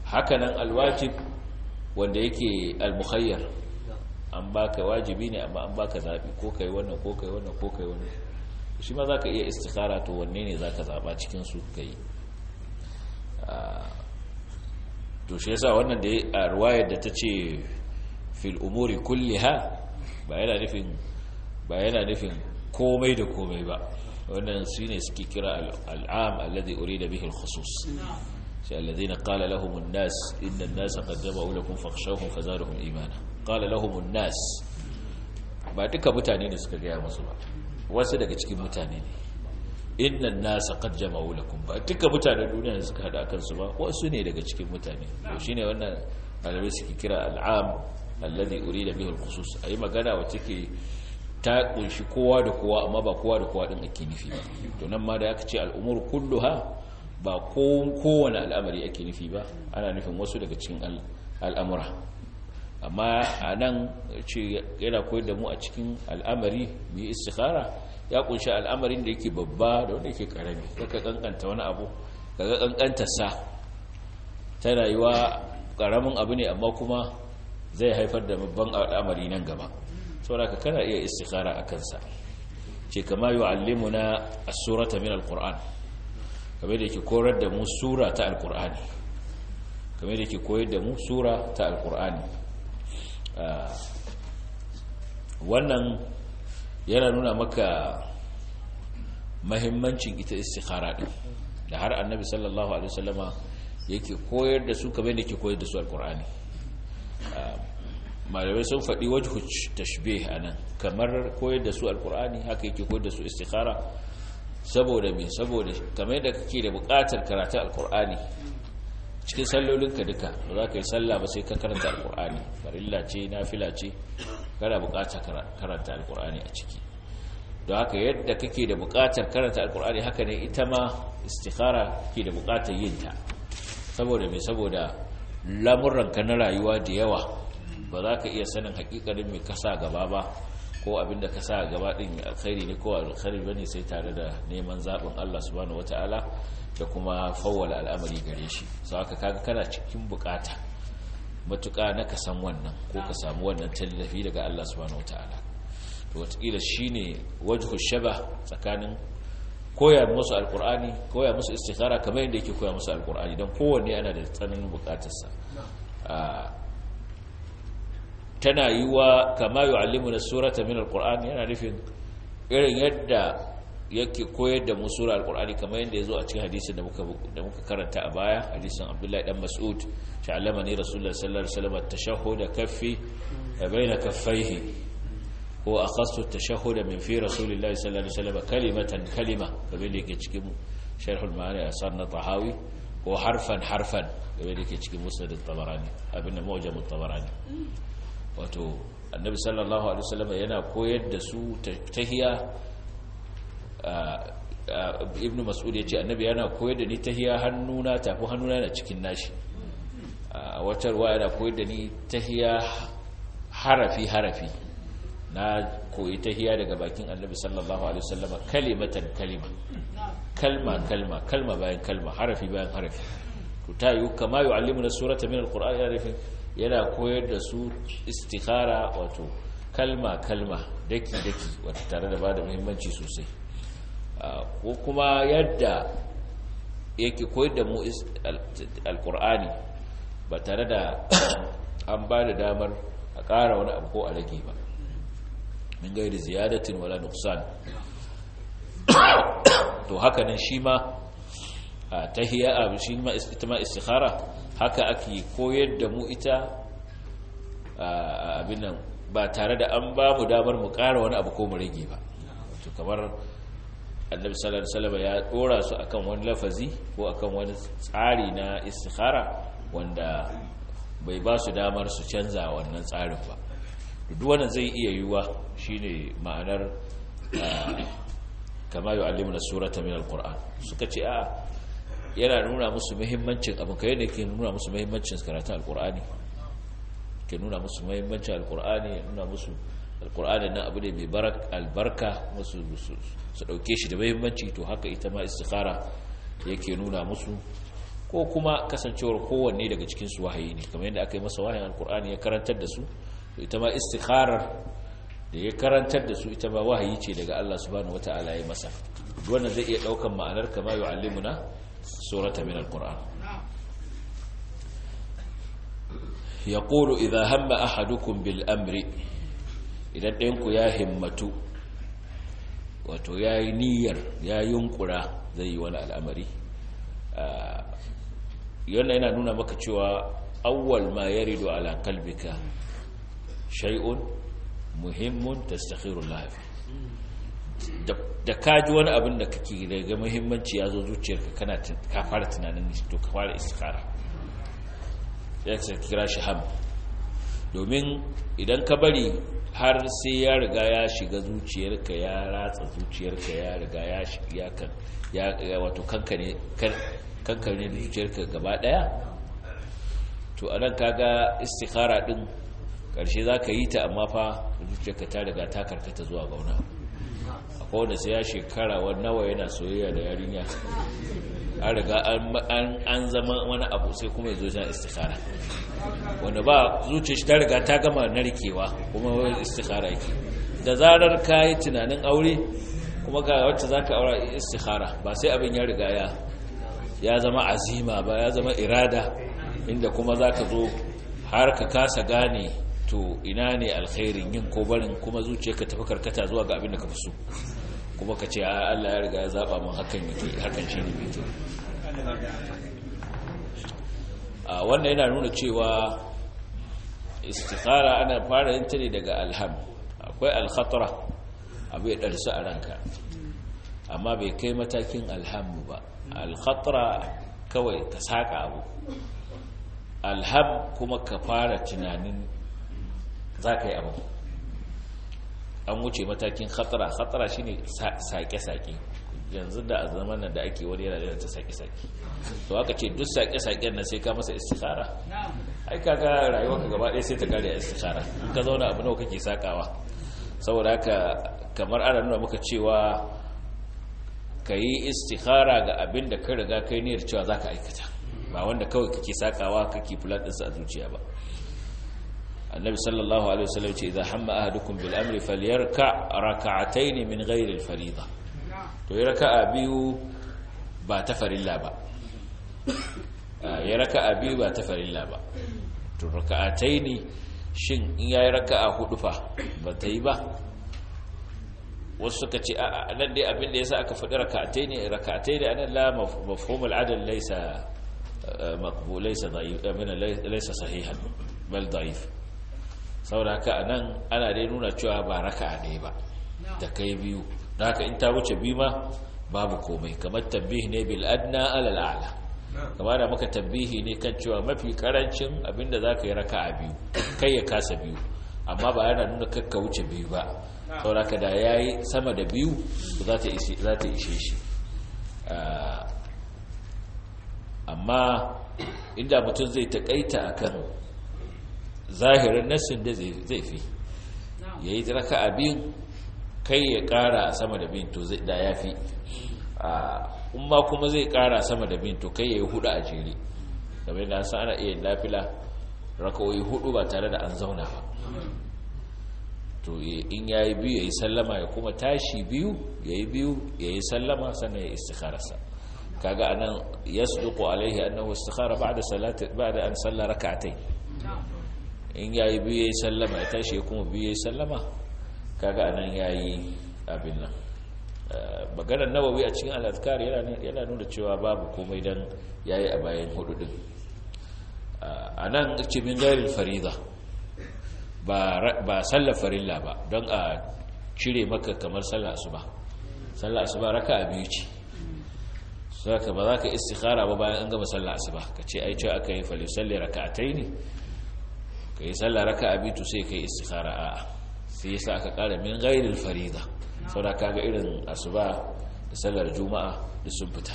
hakanan alwajib wanda yake almukhayyar an baka wajibi ne amma an baka zaɓi ko kai wannan ko kai wannan ko kai wannan shi ma za ka iya istikara to wanne ne za ka zaɓa cikinsu ka yi. to shi yasa wannan da a ruwayar da ta ce fil umuri kulliha ba yana nufin ba yana nufin komai da komai ba wannan su ne suke kira al'am alladhi urida bihi al-khusus sai alladhina qala lahum an-nas inna an-nasa qad jama'u lakum fakhshawhum fazaduhum imana qala lahum an-nas ba duka mutane ne suka gaya musu ba wasu daga cikin mutane ne inna nasa qad jama'u lakum ba duka mutane duniya da suka hada kansu ba wasu ne daga cikin mutane to shine wannan malamai suke kira al'am alladhi urida bihi al-khusus ayi magana wacce ke ta kunshi kowa da kowa amma ba kowa da kowa din ake nufi ba to nan ma da aka ce al'umur kulluha ba kowane al'amari ake nufi ba ana nufin wasu daga cikin al'amura amma a nan ce yana koyar da mu a cikin al'amari mu yi istikhara ya kunshi al'amarin da yake babba da wanda yake karami daga kankanta wani abu daga kankanta sa ta rayuwa karamin abu ne amma kuma zai haifar da babban al'amari nan gaba da ka kana iya istikhara a kansa ce kama yu'allimuna as-surata min alkur'an kame da yake korar da mu sura ta al kame da yake koyar da mu sura ta alkur'ani ah, wannan yana nuna maka mahimmancin ita istikhara din da har annabi sallallahu alaihi wasallama yake koyar da su kamar da ke koyar da su alkur'ani ah, malamai sun faɗi wajhu tashbih anan kamar koyar da su alkur'ani haka yake koyar da su istikhara saboda me saboda kamar da kake da buƙatar karatun alkur'ani cikin sallolinka duka ba za ka yi sallah ba sai ka karanta alkur'ani farilla ce na fila ce kana bukatar karanta alkur'ani a ciki don haka yadda kake da bukatar karanta alkur'ani haka ne ita ma istikhara ke da bukatar yin ta saboda mai saboda lamuranka na rayuwa da yawa ba za ka iya sanin hakikarin mai kasa gaba ba ko abin da ka sa gaba din alkhairi ne ko alkhairi bane sai tare da neman zaɓin Allah subhanahu wataala da kuma fawwala al'amari gare shi sau haka kaga kana cikin bukata matuƙa na ka san wannan ko ka samu wannan tallafi daga Allah subhanahu wataala to watakila shine wajhu shaba tsakanin koya musu alkur'ani koya musu istikhara kamar yadda yake koya musu alkur'ani don kowanne yana da tsananin bukatarsa ah, tana yi wa kama yi alimu na surata min alkur'ani yana nufin irin yadda yake koyar da mu sura alkur'ani kamar yadda ya zo a cikin hadisin da muka karanta a baya hadisin abdullahi dan mas'ud sha'alama ne rasulullah sallallahu alaihi wasallam kaffi baina kaffaihi ko min fi rasulillah sallallahu alaihi wasallam kalimatan kalima kamar da yake cikin sharhul ma'ani tahawi ko harfan harfan kamar yake cikin musnad at-tabarani abinda mu'jam at-tabarani wato annabi sallallahu alaihi wasallam yana koyar da su tahiya ibn mas'ud ya ce annabi yana koyar da ni tahiya hannuna tafi hannuna yana cikin nashi a wata ruwa yana koyar da ni tahiya harafi harafi na koyi tahiya daga bakin annabi sallallahu alaihi wasallam kalimatan kalima kalma kalma kalma bayan kalma harafi bayan harafi to tayu kama yu'allimuna surata min alqur'ani harafin yana koyar da su istikhara wato kalma kalma daki daki wato tare da bada muhimmanci sosai Ah, ko kuma yadda yake koyar da mu alkur'ani ba tare da [COUGHS] an ba da damar a ƙara wani abu ko a rage ba min gairi ziyadatin wala nuksan [COUGHS] to haka nan shi ma ah, tahiya abu ah, shi ma istikhara haka ake koyar da mu ita abin nan ba tare da an ba mu damar mu ƙara wani abu ko mu rage ba kamar annabi sallallahu alaihi wasallam ya dora su akan wani lafazi ko akan wani tsari na istikhara wanda bai ba su damar su canza wannan tsarin ba duk wannan zai iya yiwuwa shine ma'anar ah, kama yu'allimuna surata min alquran suka ce a yana nuna musu muhimmancin abin kai ne ke nuna musu muhimmancin karatu alqurani ke nuna musu muhimmancin alqurani nuna musu alkur'ani na abu ne mai albarka wasu su ɗauke shi da mahimmanci to haka ita ma istikhara yake nuna musu ko kuma kasancewar kowanne daga cikinsu wahayi ne kamar yadda aka yi masa wahayin alkur'ani ya karantar da su ita ma istikarar da ya karantar da su ita ma wahayi ce daga Allah wata ala ya masa wannan zai iya ɗaukan ma'anar kama na surata min ya yaqulu idan hamma ahadukum bil amri idan ɗayanku ya himmatu wato ya yi niyyar ya yunkura zai yi wani al'amari yana ah, yana nuna maka cewa awwal ma ya rido ala kalbika shai'un muhimmun ta stakhirun lahafi da ji wani abin da kake daga muhimmanci ya zo zuciyarka kana ka fara tunanin to ka fara istikara ya kira shi ham. domin idan ka bari har sai ya riga ya shiga zuciyarka ya ratsa zuciyarka ya riga ya shiga kan ya wato kankane zuciyarka gaba daya to anan kaga istikhara din karshe zaka yi ta amma fa zuciyarka ta riga ta karkata zuwa gauna wani akwai wanda sai ya shekara wani nawa yana soyayya da yarinya an riga an zama wani abu sai kuma ya zo jan istikhara wanda ba zuciya shi ta riga ta gama narkewa kuma wani istikhara yake da zarar ka yi tunanin aure kuma ga wacce za ka aura istikhara ba sai abin ya riga ya ya zama azima ba ya zama irada inda kuma za ka zo har ka kasa gane to ina ne alkhairin yin ko barin kuma zuciya ka tafi karkata zuwa ga abin da ka fi so kuma ka ce Allah ya riga ya zaba mun hakan yake hakan ne mai kyau a wannan yana nuna cewa istikhara ana fara yin ta ne daga alham akwai alkhatara abu ya darsu a ranka amma bai kai matakin alham ba alkhatara kawai ka saka abu alham kuma ka fara tunanin za ka yi abu an wuce matakin khatara khatara shine sake-sake yanzu da a zaman da ake wani yana da ta sake-sake to aka ce duk sake-saken nan sai ka masa istikhara ai kaga rayuwar ka gaba ɗaya sai ta kare istikhara in ka zauna abu nawa kake sakawa saboda haka kamar ana nuna muka cewa kayi yi istikhara ga abin da ka riga kai niyyar cewa zaka aikata ba wanda kawai kake sakawa kake fulat ɗinsa a zuciya ba annabi sallallahu alaihi wasallam ce idan hamma ahadukum bil amri falyarka rak'atayn min ghairi al fariida to ya raka'a biyu ba ta farilla ba ah, ya raka'a biyu ba ta farilla ba to raka'atayn shin in yayi raka'a hudu fa ba ta yi ba wasu suka ce a nan dai abin da yasa aka faɗi raka'atayn raka'atayn anan la mafhum al adl laysa eh, maqbul laysa da'if eh, laysa sahihan bal da'if saboda haka a nan ana dai nuna cewa ba raka ne ba da kai biyu da haka in ta wuce biyu ma babu komai kamar tabbihi ne bil adna alal a'la kamar da maka tabbihi ne kan cewa mafi karancin abinda ka yi raka a biyu kai ya kasa biyu amma ba yana nuna kakka wuce biyu ba saboda haka da ya yi sama da biyu za ta ishe shi ah, amma inda mutum zai a kano. zahirin nassin da zai fi ya yi raka a biyun kai ya kara sama da bin to da ya fi umma kuma zai kara sama da bin to kai ya yi hudu a jere game da sa ana iya lafila rakawai hudu ba tare da an zauna ba to in ya yi biyu ya yi sallama ya kuma tashi biyu ya yi biyu ya yi sallama sannan ya istikararsa kaga anan yasduqu alaihi annahu istikhara ba'da salati ba'da an salla rak'atayn in ya yi biyu ya yi sallama ya tashi kuma biyu ya yi sallama kaga a nan ya yi abin nan eh, maganar nawawi a cikin al'adkar yana nuna cewa babu komai don ya yi a bayan hududin eh, a nan ce min gairin fariza ba sallar farilla ba don a cire maka kamar ba salla su ba raka a saka ba za ka istikhara ba bayan an gama su ba ka ce ai aka yi falisalli yi ne ka yi sallah raka abi to sai ka yi istikara a'a sai sa aka ƙara min ghairil farida saboda kaga irin asuba da sallar juma'a da sun fita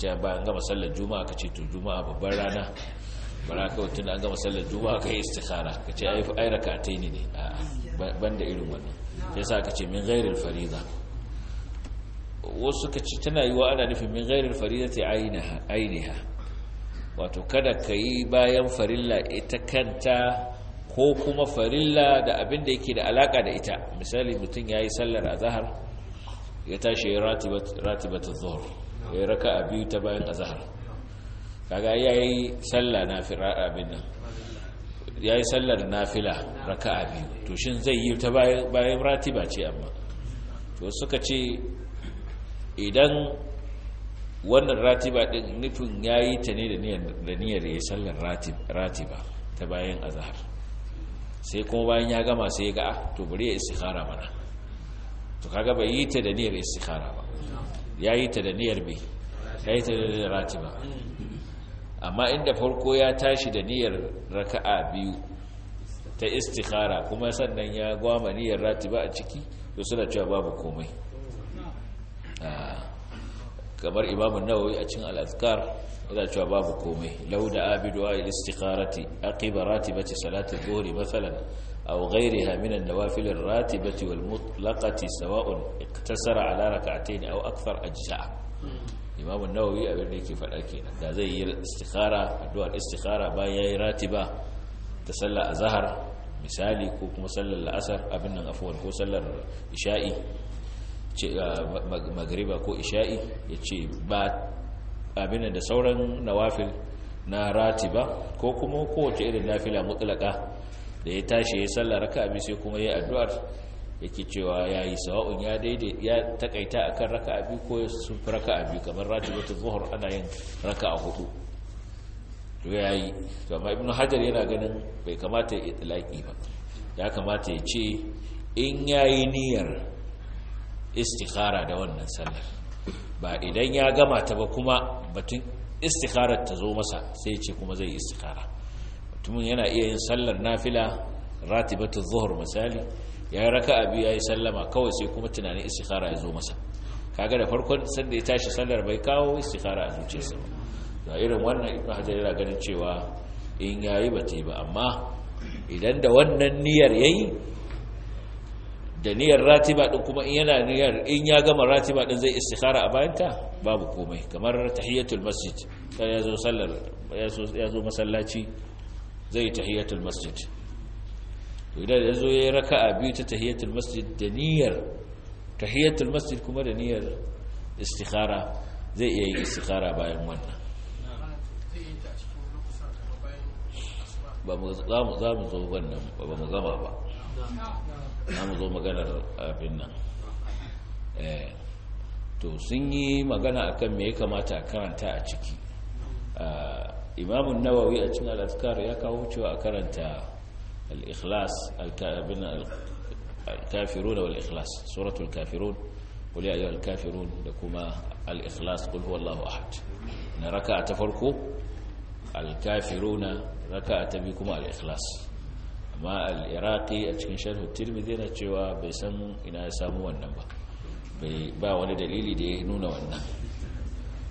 ta ba an gama sallar juma'a ka ce to juma'a babbar rana bara kawai tun an gama sallar juma'a ka yi istikara ka ce ai rakatai ne ne a'a da irin wannan sai sa ka ce min gairin farida wasu ka ce tana yi wa ana nufin min gairin farida ta ainiha wato kada ka yi bayan farilla ita kanta ko kuma farilla da abin da yake da alaka da ita misali mutum ya yi sallar azahar ya tashi ya ratibata zuhur ya yi raka a biyu ta bayan azahar kaga ya yi sallar nafila abin nan ya yi sallar nafila raka a biyu to shin zai yi ta bayan ratiba ce amma to suka ce idan wannan ratiba din nufin yi ta ne da niyyar ya sallar ratiba ta bayan zahar sai kuma bayan ya gama sai ya ga ah, to bari ya istikhara mana to kaga bai yi ta da niyyar istikhara ba ya yi ta da niyyar bai yi ta da ratiba amma inda farko ya tashi da niyyar raka'a biyu ta istikhara kuma sannan ya gwama niyyar ratiba a ciki to suna cewa babu komai ah. kamar imamun nawawi a cikin al'azkar yana cewa babu komai lau da abidu a istikharati aqiba ratibati salati dhuhri mathalan aw ghayriha min an-nawafil ar wal mutlaqati sawa'un iktasara ala a aw a jisa'a imamun nawawi abin da yake faɗa ke da zai yi istikhara addu'ar istikhara bayan yayi ratiba ta sallar zahar misali ko kuma sallar la'asar abin nan afwan ko sallar isha'i magariba ko isha'i ya ce ba abin da sauran nawafil na rati ba ko kuma kowace irin nafila mutlaka da ya tashi ya sallar raka abin sai kuma ya addu'ar yake cewa ya yi sawa'un ya daidai ya takaita kan raka abin ko sun fi raka abin kamar rati wata zuhar ana yin raka a hudu to ya yi to amma ibnu hajar yana ganin bai kamata ya ba ya kamata ya ce in ya yi niyyar istikhara da wannan sallar ba idan ya gama ta ba kuma batun istikharar ta zo masa sai ce kuma zai istikhara mutumin yana iya yin sallar nafila ratibatu zuhur misali ya raka abi yayi sallama kawai sai kuma tunanin istikhara ya zo masa kaga da farkon sanda ya tashi sallar bai kawo istikhara a zuciyarsa ba da irin wannan ibnu hajar yana ganin cewa in yayi yi ba amma idan da wannan niyyar yayi da niyyar ratiba din kuma in yana niyyar in ya gama ratiba din zai istikhara a bayanta babu komai kamar tahiyatul masjid sai ya zo sallar ya zo masallaci zai tahiyatul masjid to idan ya zo yayi raka'a biyu ta tahiyatul masjid da niyyar tahiyatul masjid kuma da niyyar istikhara zai iya yin istikhara bayan wannan ba mu za ba mu gama ba na mu zo maganar abin nan eh, to sun yi magana akan me ya kamata a karanta a ciki ah, imamun nawawi a cikin al'adkar ya kawo cewa a karanta al'ikhlas al'abin da al'ikhlas suratul kafirun kuli a kafirun da kuma al'ikhlas kul ahad na raka ta farko al'kafiruna raka ta biyu kuma al'ikhlas amma al-iraqi a cikin sharh tirmidhi yana cewa bai san ina ya samu wannan ba bai ba wani dalili da ya nuna wannan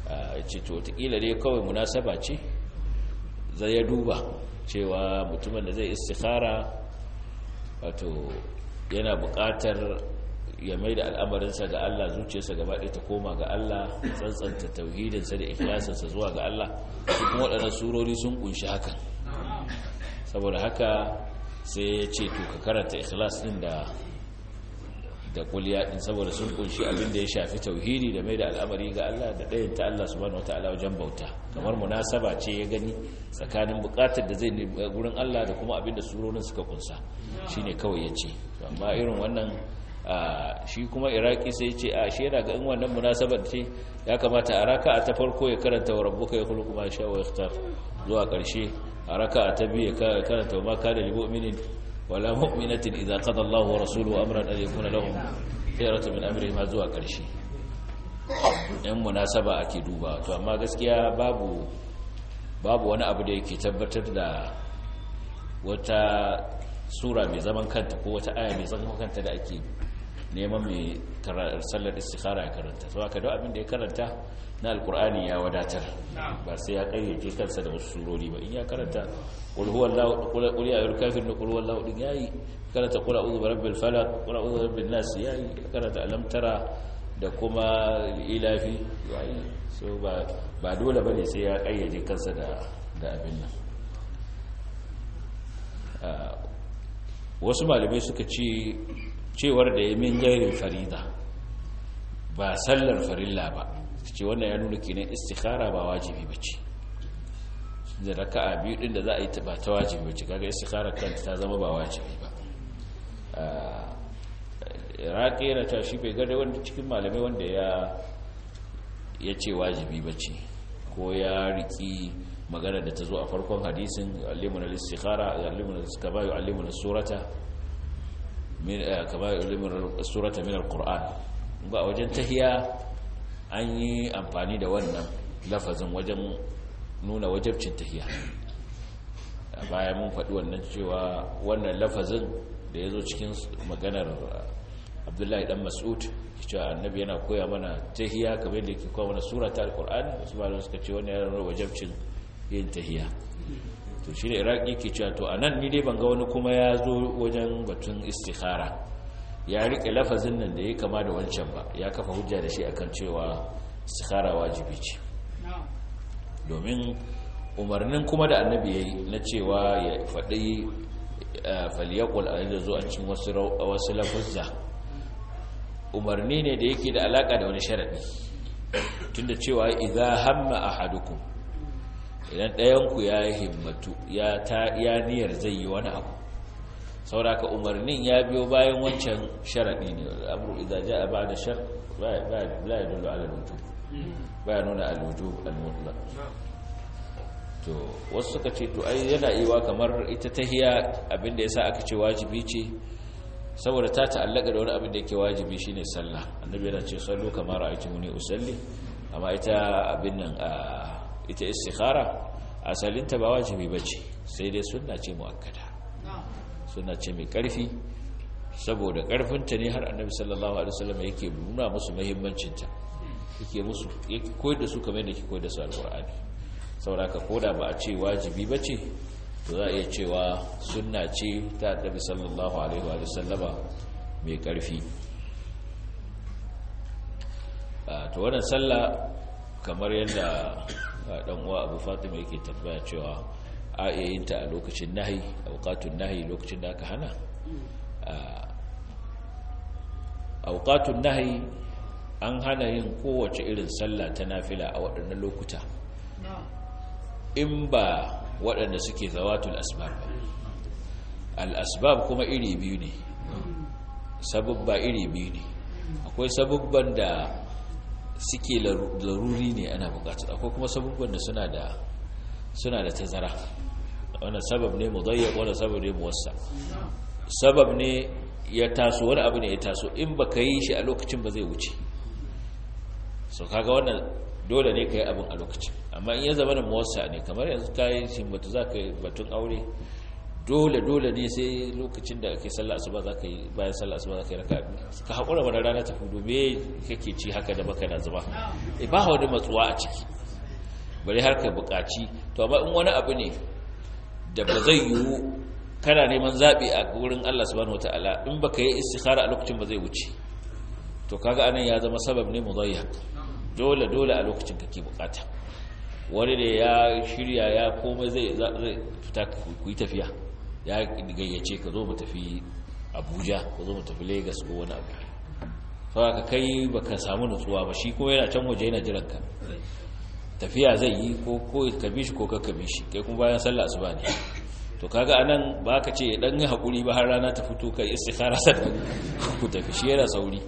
a ce to takila dai kawai munasaba ce zai ya duba cewa mutumin da zai istikhara wato yana buƙatar ya mai da al'amarinsa ga Allah zuciyarsa gaba ɗaya ta koma ga Allah tsantsanta tauhidinsa da sa zuwa ga Allah kuma waɗannan surori sun ƙunshi hakan saboda haka sai ya ce to ka karanta ikhlas din da da kulliya din saboda sun kunshi abin da ya shafi tauhidi da mai da al'amari ga Allah da ɗayan ta Allah subhanahu wataala wajen bauta kamar munasaba ce ya gani tsakanin bukatar da zai eh, gurin Allah da kuma abin da surorin suka kunsa shine kawai ya ce amma irin wannan shi kuma iraki sai ce a shi yana ga in wannan munasabar ce ya kamata a raka ta farko ya karanta wa rabbuka ya kullu kuma sha wa ikhtar zuwa karshe a raka ta biyu ya karanta wa maka da mu'minin wala mu'minatin idza qada Allah wa rasuluhu amran an yakuna lahum khayratu min amrihim zuwa karshe in munasaba ake duba to amma gaskiya babu babu wani abu da yake tabbatar da wata sura mai zaman kanta ko wata aya mai zaman kanta da ake neman mai sallar istikhara ya karanta so aka duk abin da ya karanta na alkur'ani ya wadatar ba sai ya kayyace kansa da wasu surori ba in ya karanta qul huwallahu qul qul ya ayyuhal kafirun qul huwallahu din yayi karanta qul a'udhu birabbil falaq uzu a'udhu birabbin nas yayi karanta alamtara da kuma ilafi yayi so ba ba dole sai ya kayyace kansa da da abin nan ah, wasu malamai suka ce cewar da ya min gairin farida ba sallar farilla ba ce wannan ya nuna kenan istikhara ba wajibi ba ce da raka'a biyu din da za a yi ba ta wajibi ba ce kaga istikhara kanta ta zama ba wajibi ba iraki yana ta shi bai gada wanda cikin malamai wanda ya ya ce wajibi ba ce ko ya riki magana da ta zo a farkon hadisin alimunan istikhara alimunan iskabayu alimunan surata Eh, kamar surata min alquran ba wajen tahiya an yi amfani da wannan lafazin wajen nuna wajabcin tahiya a baya mun faɗi wannan cewa wannan lafazin da ya zo cikin maganar abdullahi dan mas'ud cewa annabi yana koya mana tahiya kamar da yake koya mana surata alquran wasu malamai suka ce wannan yana nuna wajabcin yin tahiya to shi ne iraki ke cewa to a nan ni dai ban ga wani kuma ya zo wajen batun istikhara ya riƙe lafazin nan da ya kama da wancan ba ya kafa hujja da shi akan cewa istikhara wajibi ce domin umarnin kuma da annabi ya yi na cewa ya faɗi eh, faliyakul a yadda zo a cin wasu lafuzza umarni ne da yake da alaka da wani sharaɗi tunda cewa idan hamma a ahadukum idan ɗayanku ya yi himmatu ya niyar zai yi wani abu sauraka umarnin ya biyo bayan wancan sharaɗi ne abu idan a ba da shar ya dole al'adu ba ya nuna al'adu to wasu suka ce to ai yana iwa kamar ita ta hiya abinda ya sa aka ce wajibi ce saboda ta ta'allaka da wani abin da yake wajibi shi ne sallah annabi yana ce sallu kamar muni usalli amma ita abin nan a ah, ita istikhara asalinta ba wajibi bace sai dai sunna ce muakkada sunna ce mai karfi saboda karfinta ne har annabi sallallahu alaihi wasallam yake nuna musu muhimmancin ta yake musu yake koyar da su kamar yadda yake koyar da su alqur'ani saboda ka koda ba a ce wajibi bace to za a iya cewa sunna ce ta annabi sallallahu alaihi wa sallama mai karfi ah, to wannan sallah kamar yadda dan uwa abu fatima yake tambaya cewa a yayinta a lokacin nahi a auqatun nahi lokacin da aka hana a auqatun nahi an hana yin kowace irin sallah ta nafila a waɗannan lokuta in ba waɗanda suke zawatul asbab al-asbab kuma iri biyu ne sababba iri biyu ne akwai sababban da suke laruri ne ana bukatu akwai kuma sabubban da suna da suna da tazara wanda sabab ne mudayyaq wanda sabab ne muwassa sabab ne ya taso wani abu ne ya taso in ba ka yi shi a lokacin ba zai wuce so kaga wannan dole ne ka yi abin a lokacin amma in ya zama da muwassa ne kamar yanzu ka yi shi batu za ka yi batun aure dole dole ne sai lokacin da ake sallah asuba zaka yi bayan sallah asuba zaka yi raka'a ka hakura wani rana ta hudu me kake ci haka da baka na zuba eh ba wani matsuwa a ciki bare har ka buƙaci to amma in wani abu ne da ba zai yiwu kana neman zabi a wurin Allah subhanahu wataala in baka yi istikhara a lokacin ba zai wuce to kaga anan ya zama sabab ne mudayyak dole dole a lokacin kake bukata wani da ya shirya ya komai zai fita ku yi tafiya ya gayyace ka zo mu tafi abuja ko zo mu tafi lagos ko wani abu saboda kai ka samu nutsuwa ba shi ko yana can waje yana jiran ka tafiya zai yi ko ka bi shi ko ka ka bi shi kai kuma bayan sallah asuba ne to kaga anan ba ka ce dan yi hakuri ba har rana ta fito kai istikhara [LAUGHS] sannan ku tafi shi yana sauri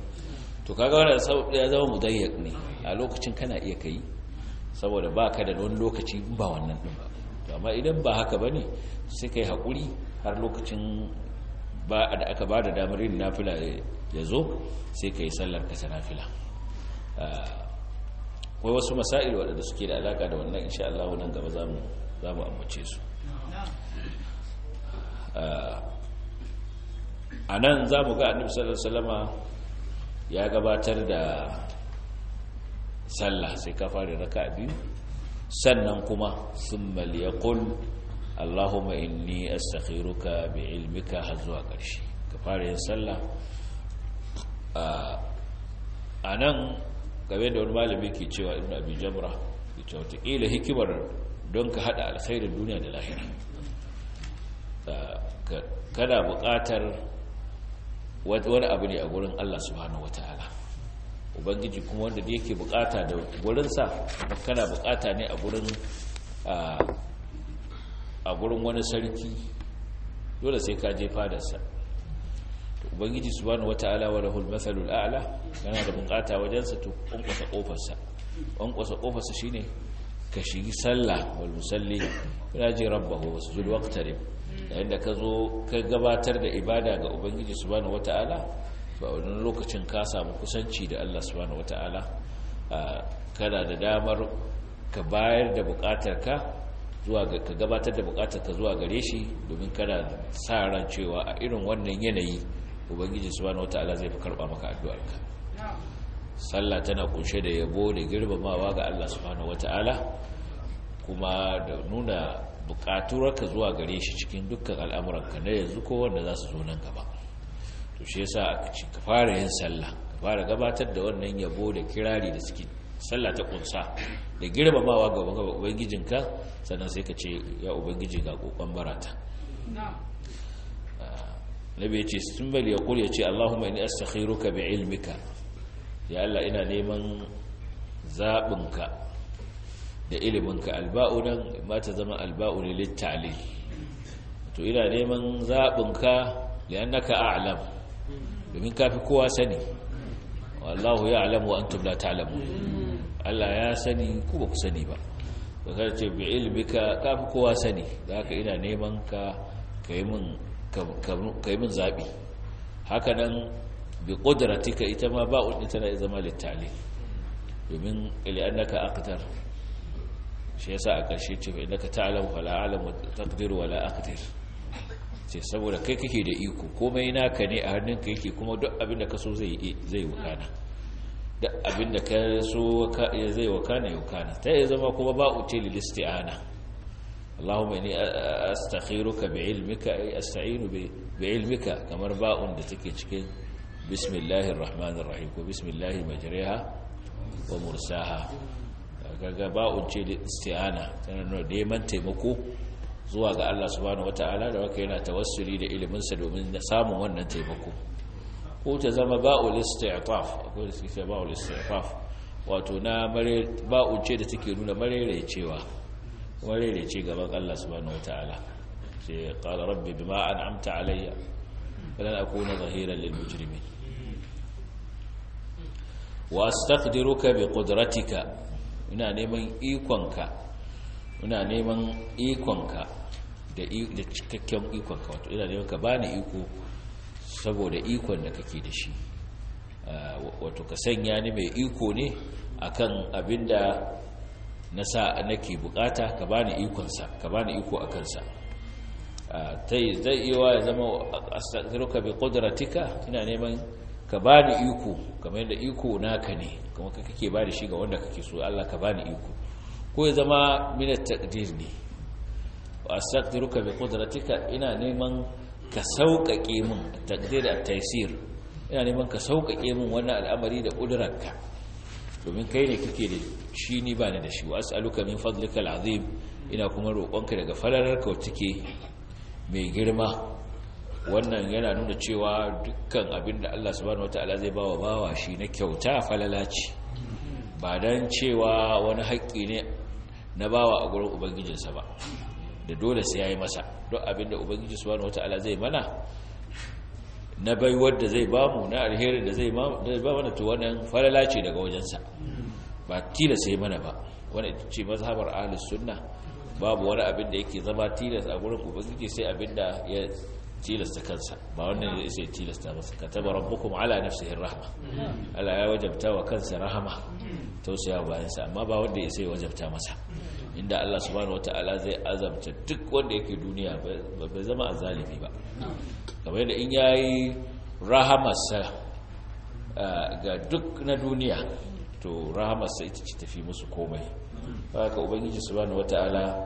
to kaga wannan ya zama mudayyak ne a lokacin kana iya kai saboda ba ka da wani lokaci ba wannan din ba amma idan ba haka ba ne sai kai haƙuri har lokacin ba da aka ba da damar yin nafila ya zo sai kai sallar ka ta nafila ah, kai wasu masail waɗanda suke da alaka da wannan insha Allah nan gaba za mu ambace su ah, a nan za mu ga annabi sallar salama ya gabatar da sallah sai ka fara raka biyu sannan kuma thumma liyaqul Allahumma inni astakhiruka bi ilmika har zuwa ƙarshe ka fara yin sallah a nan game da wani malami ke cewa ibn abi jamra ke cewa wataƙila hikimar don ka haɗa alkhairin duniya da lahira kana buƙatar wani abu ne a gurin allah subhanahu wa ta'ala ubangiji kuma wanda da yake bukata da gurinsa kana bukata ne a gurin wani sarki dole sai ka je fadarsa ubangiji subhanahu wata'ala wa lahul mathalul a'la yana da bukata wajensa to kunkusa kofarsa kunkusa kofarsa shine ka shigi sallah wal musalli ya ji rabbahu wasjud waqtarib yayin da ka zo ka gabatar da ibada ga ubangiji subhanahu wata'ala ba wani lokacin ka samu kusanci da Allah subhanahu ta'ala kana da damar ka bayar da ka zuwa ka gabatar da bukatar ka zuwa gare shi domin kana sa ran cewa a irin wannan yanayi ubangiji subhanahu ta'ala zai fi karba maka ka sallah tana kunshe da yabo da girmamawa ga Allah subhanahu ta'ala kuma da nuna bukaturarka zuwa gare shi cikin dukkan al'amuranka na yanzu ko wanda za su zo nan gaba to shi yasa a ka fara yin sallah ka fara gabatar da wannan yabo da kirari da suke sallah ta kunsa da girmamawa ga ubangijinka sannan sai ka ce ya ubangiji ga kokon barata ah, nabi ya ce bali ya kuri ya ce allahumma inni ka bi ilmika ya allah ina neman zaɓinka da iliminka alba'u nan ma ta zama alba'u ne littali to ina neman zaɓinka da a a'lam domin kafi kowa sani wallahu ya alamu wa antum la ta'lamu Allah ya sani ku ba ku sani ba ka ce bi ilmika kafi kowa sani zaka ina neman ka kai min kai min zabi haka nan bi qudratika ita ma ba udin tana zama littali domin annaka aqdar shi yasa a karshe ce bai naka ta'lamu wala a'lamu taqdiru wala ce saboda kai kake da iko komai naka ne a hannunka yake kuma duk abin da ka so zai zai wukana duk abin da ka so zai wukana ya wukana ta ya zama kuma ba utili listi'ana Allahumma inni astakhiruka bi ilmika ay asta'inu bi ilmika kamar ba'un da take cikin bismillahir rahmanir rahim ko bismillahir majriha wa mursaha kaga ba'un ce listi'ana tana neman taimako zuwa ga Allah subhanahu wata'ala da waka yana tawassuli da iliminsa domin da samun wannan taimako ko ta zama ba'ul isti'taf ko da suke ba'ul isti'taf wato na mare ba'u ce da take nuna mare marerece gaban Allah subhanahu wata'ala sai qala rabbi bima an'amta alayya falan akuna zahiran lil mujrimin wa astaqdiruka bi qudratika ina neman ikonka muna neman ikonka da cikakken ikonka wato ina neman ka bani iko saboda ikon da kake da shi ah, wato ka sanya ni mai iko ne akan abinda na sa nake bukata ka bani ikonsa ka bani iko kansa ah, ta yi zai iya zama astaghfiruka bi qudratika ina neman ka bani iko kamar yadda iko naka ne kuma kake bani shi ga wanda kake so Allah ka bani iko ko ya zama mina takdir ne wa astaqdiruka bi qudratika ina neman ka sauƙaƙe min taqdir a taisir ina neman ka sauƙaƙe min wannan al'amari da ƙudurarka domin kai ne kake da shi ni ba ni da shi wa alukamin min fadlika al'azim ina kuma roƙonka daga falalar wacce mai girma wannan yana nuna cewa dukkan abin da Allah wata ala zai bawa bawa shi na kyauta falala ce ba don cewa wani haƙƙi ne na bawa a gurin ubangijinsa ba da dole sai ya yi masa don abinda ubangiji su wani wata'ala zai mana na baiwar da zai bamu na alheri da zai ba mana to wannan falala ce daga wajensa ba tilas sai mana ba wani ce mazhabar ahlus sunna babu wani abin da yake zama tilas a gurin ubangiji sai abin da ya tilasta kansa ba wannan ya sai tilasta masa kataba rabbukum ala nafsihi rahma Allah ya wajabta wa kansa rahama tausayawa bayansa amma ba wanda ya sai wajabta masa inda Allah subhanahu wataala zai azabta duk wanda yake duniya bai zama azalimi ba kamar yadda in yayi rahamarsa ga duk na duniya to rahamarsa ita ce tafi musu komai haka ubangiji subhanahu wataala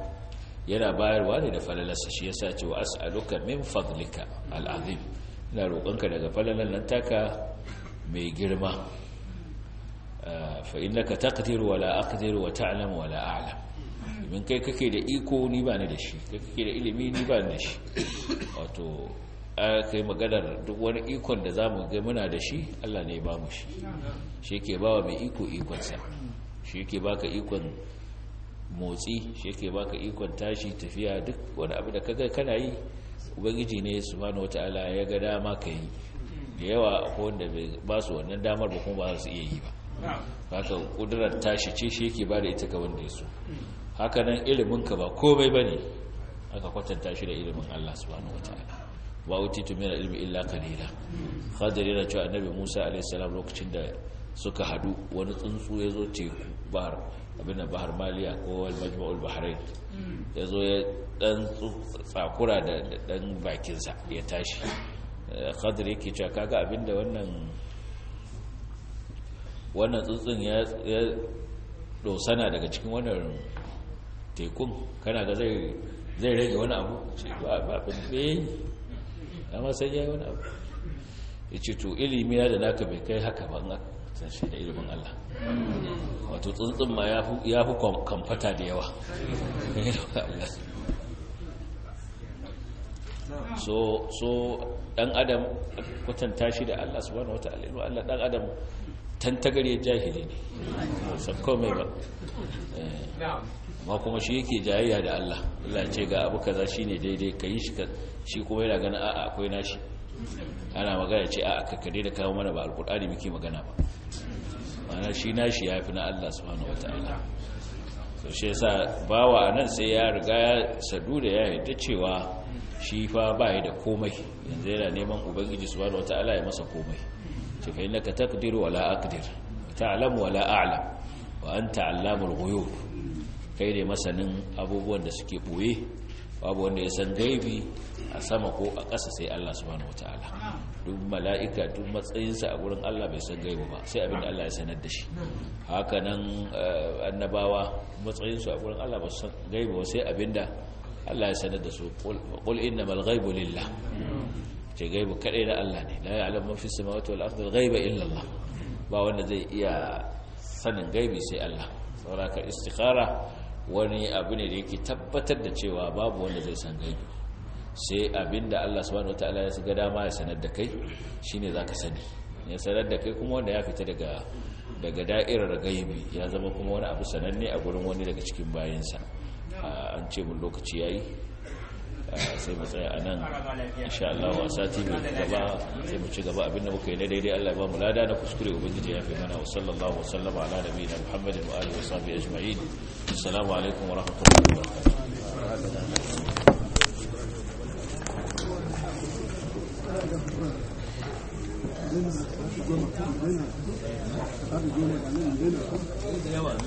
yana bayarwa ne da falalarsa shi yasa ce wa as'aluka min fadlika al'azim ina roƙonka daga falalar nan taka mai girma fa innaka taqdiru wala la aqdiru wa ta'lamu wa a'lam domin kai kake da iko ni ba ni da shi kai kake da ilimi ni ba ni da shi wato kai maganar duk wani ikon da za mu ga muna da shi allah ne ba mu shi shi ke ba wa mai iko ikonsa shi ke baka ikon motsi shi ke baka ikon tashi tafiya duk wani abu da kaga kana yi ubangiji ne subhanahu wataala ya ga dama ka yi da yawa ko wanda ba su wannan damar ba kuma ba su iya yi ba haka kudurar tashi ce shi yake ba da ita ga wanda ya so hakanan ka ba komai bane aka kwatanta shi da ilimin Allah subhanahu wataala wa utitu min ilmi illa qalila khadiri da cewa annabi Musa a.s. lokacin da suka hadu wani tsuntsu ya zo teku bahar abinda bahar maliya ko majma'ul bahrain ya zo ya dan tsakura da dan bakinsa ya tashi eh, khadiri yake cewa kaga abinda wannan wannan tsuntsun ya dosana daga cikin wannan tekun kana ga zai rage wani abu ce ba a ba ne amma sai ya yi wani abu ya ce to ilimi na da naka bai kai haka ba san shi da ilimin Allah wato tsuntsun ma ya fi kamfata da yawa so so dan adam kwatanta shi da Allah subhanahu wataala ilmu Allah dan adam ya jahili ne san komai ba eh. amma kuma shi yake jayayya da Allah Allah ce ga abu kaza ne daidai ka yi shi kuma yana gani a'a akwai nashi ana magana ce a'a ka da kawo mana ba alkur'ani muke magana ba ma'ana shi nashi ya fi na Allah subhanahu wataala so shi yasa bawa nan sai ya riga ya sadu da ya yarda cewa shi fa yi da komai yanzu yana neman ubangiji subhanahu ala ya masa komai ce fa wala aqdir ta'lamu wala a'lam wa anta allamul ghuyub kai ne masanin abubuwan da suke boye babu wanda ya san gaibi a sama ko a ƙasa sai Allah subhanahu wataala duk mala'ika duk matsayinsa a gurin Allah bai san gaibi ba sai abin da Allah ya sanar da shi haka nan eh, annabawa matsayinsu a gurin Allah ba san gaibi ba sai abin da Allah ya sanar da su qul innamal ghaibu lillah ce gaibu kadai da Allah ne la ya'lamu ma fis samawati wal ardi al ghaiba illa Allah ba wanda zai iya sanin gaibi sai Allah sauraka istikhara wani abu ne da yake tabbatar da cewa babu wanda zai san gaibi sai abinda Allah subhanahu wataala ya ga dama ya sanar da kai shine zaka sani ya sanar da kai kuma wanda ya fita daga daga da'irar gaibi ya zama kuma wani abu sananne a gurin wani daga cikin bayansa ah, an ce mun lokaci yayi sai mu tsaya a nan insha Allah wa sati mai gaba sai mu ci gaba abinda muka yi na daidai Allah ya ba mu lada na kuskure ubangiji ya fi mana wa sallallahu wa sallama ala nabiyina Muhammadin wa alihi wa sahbihi ajma'in assalamu alaikum wa rahmatullahi wa barakatuh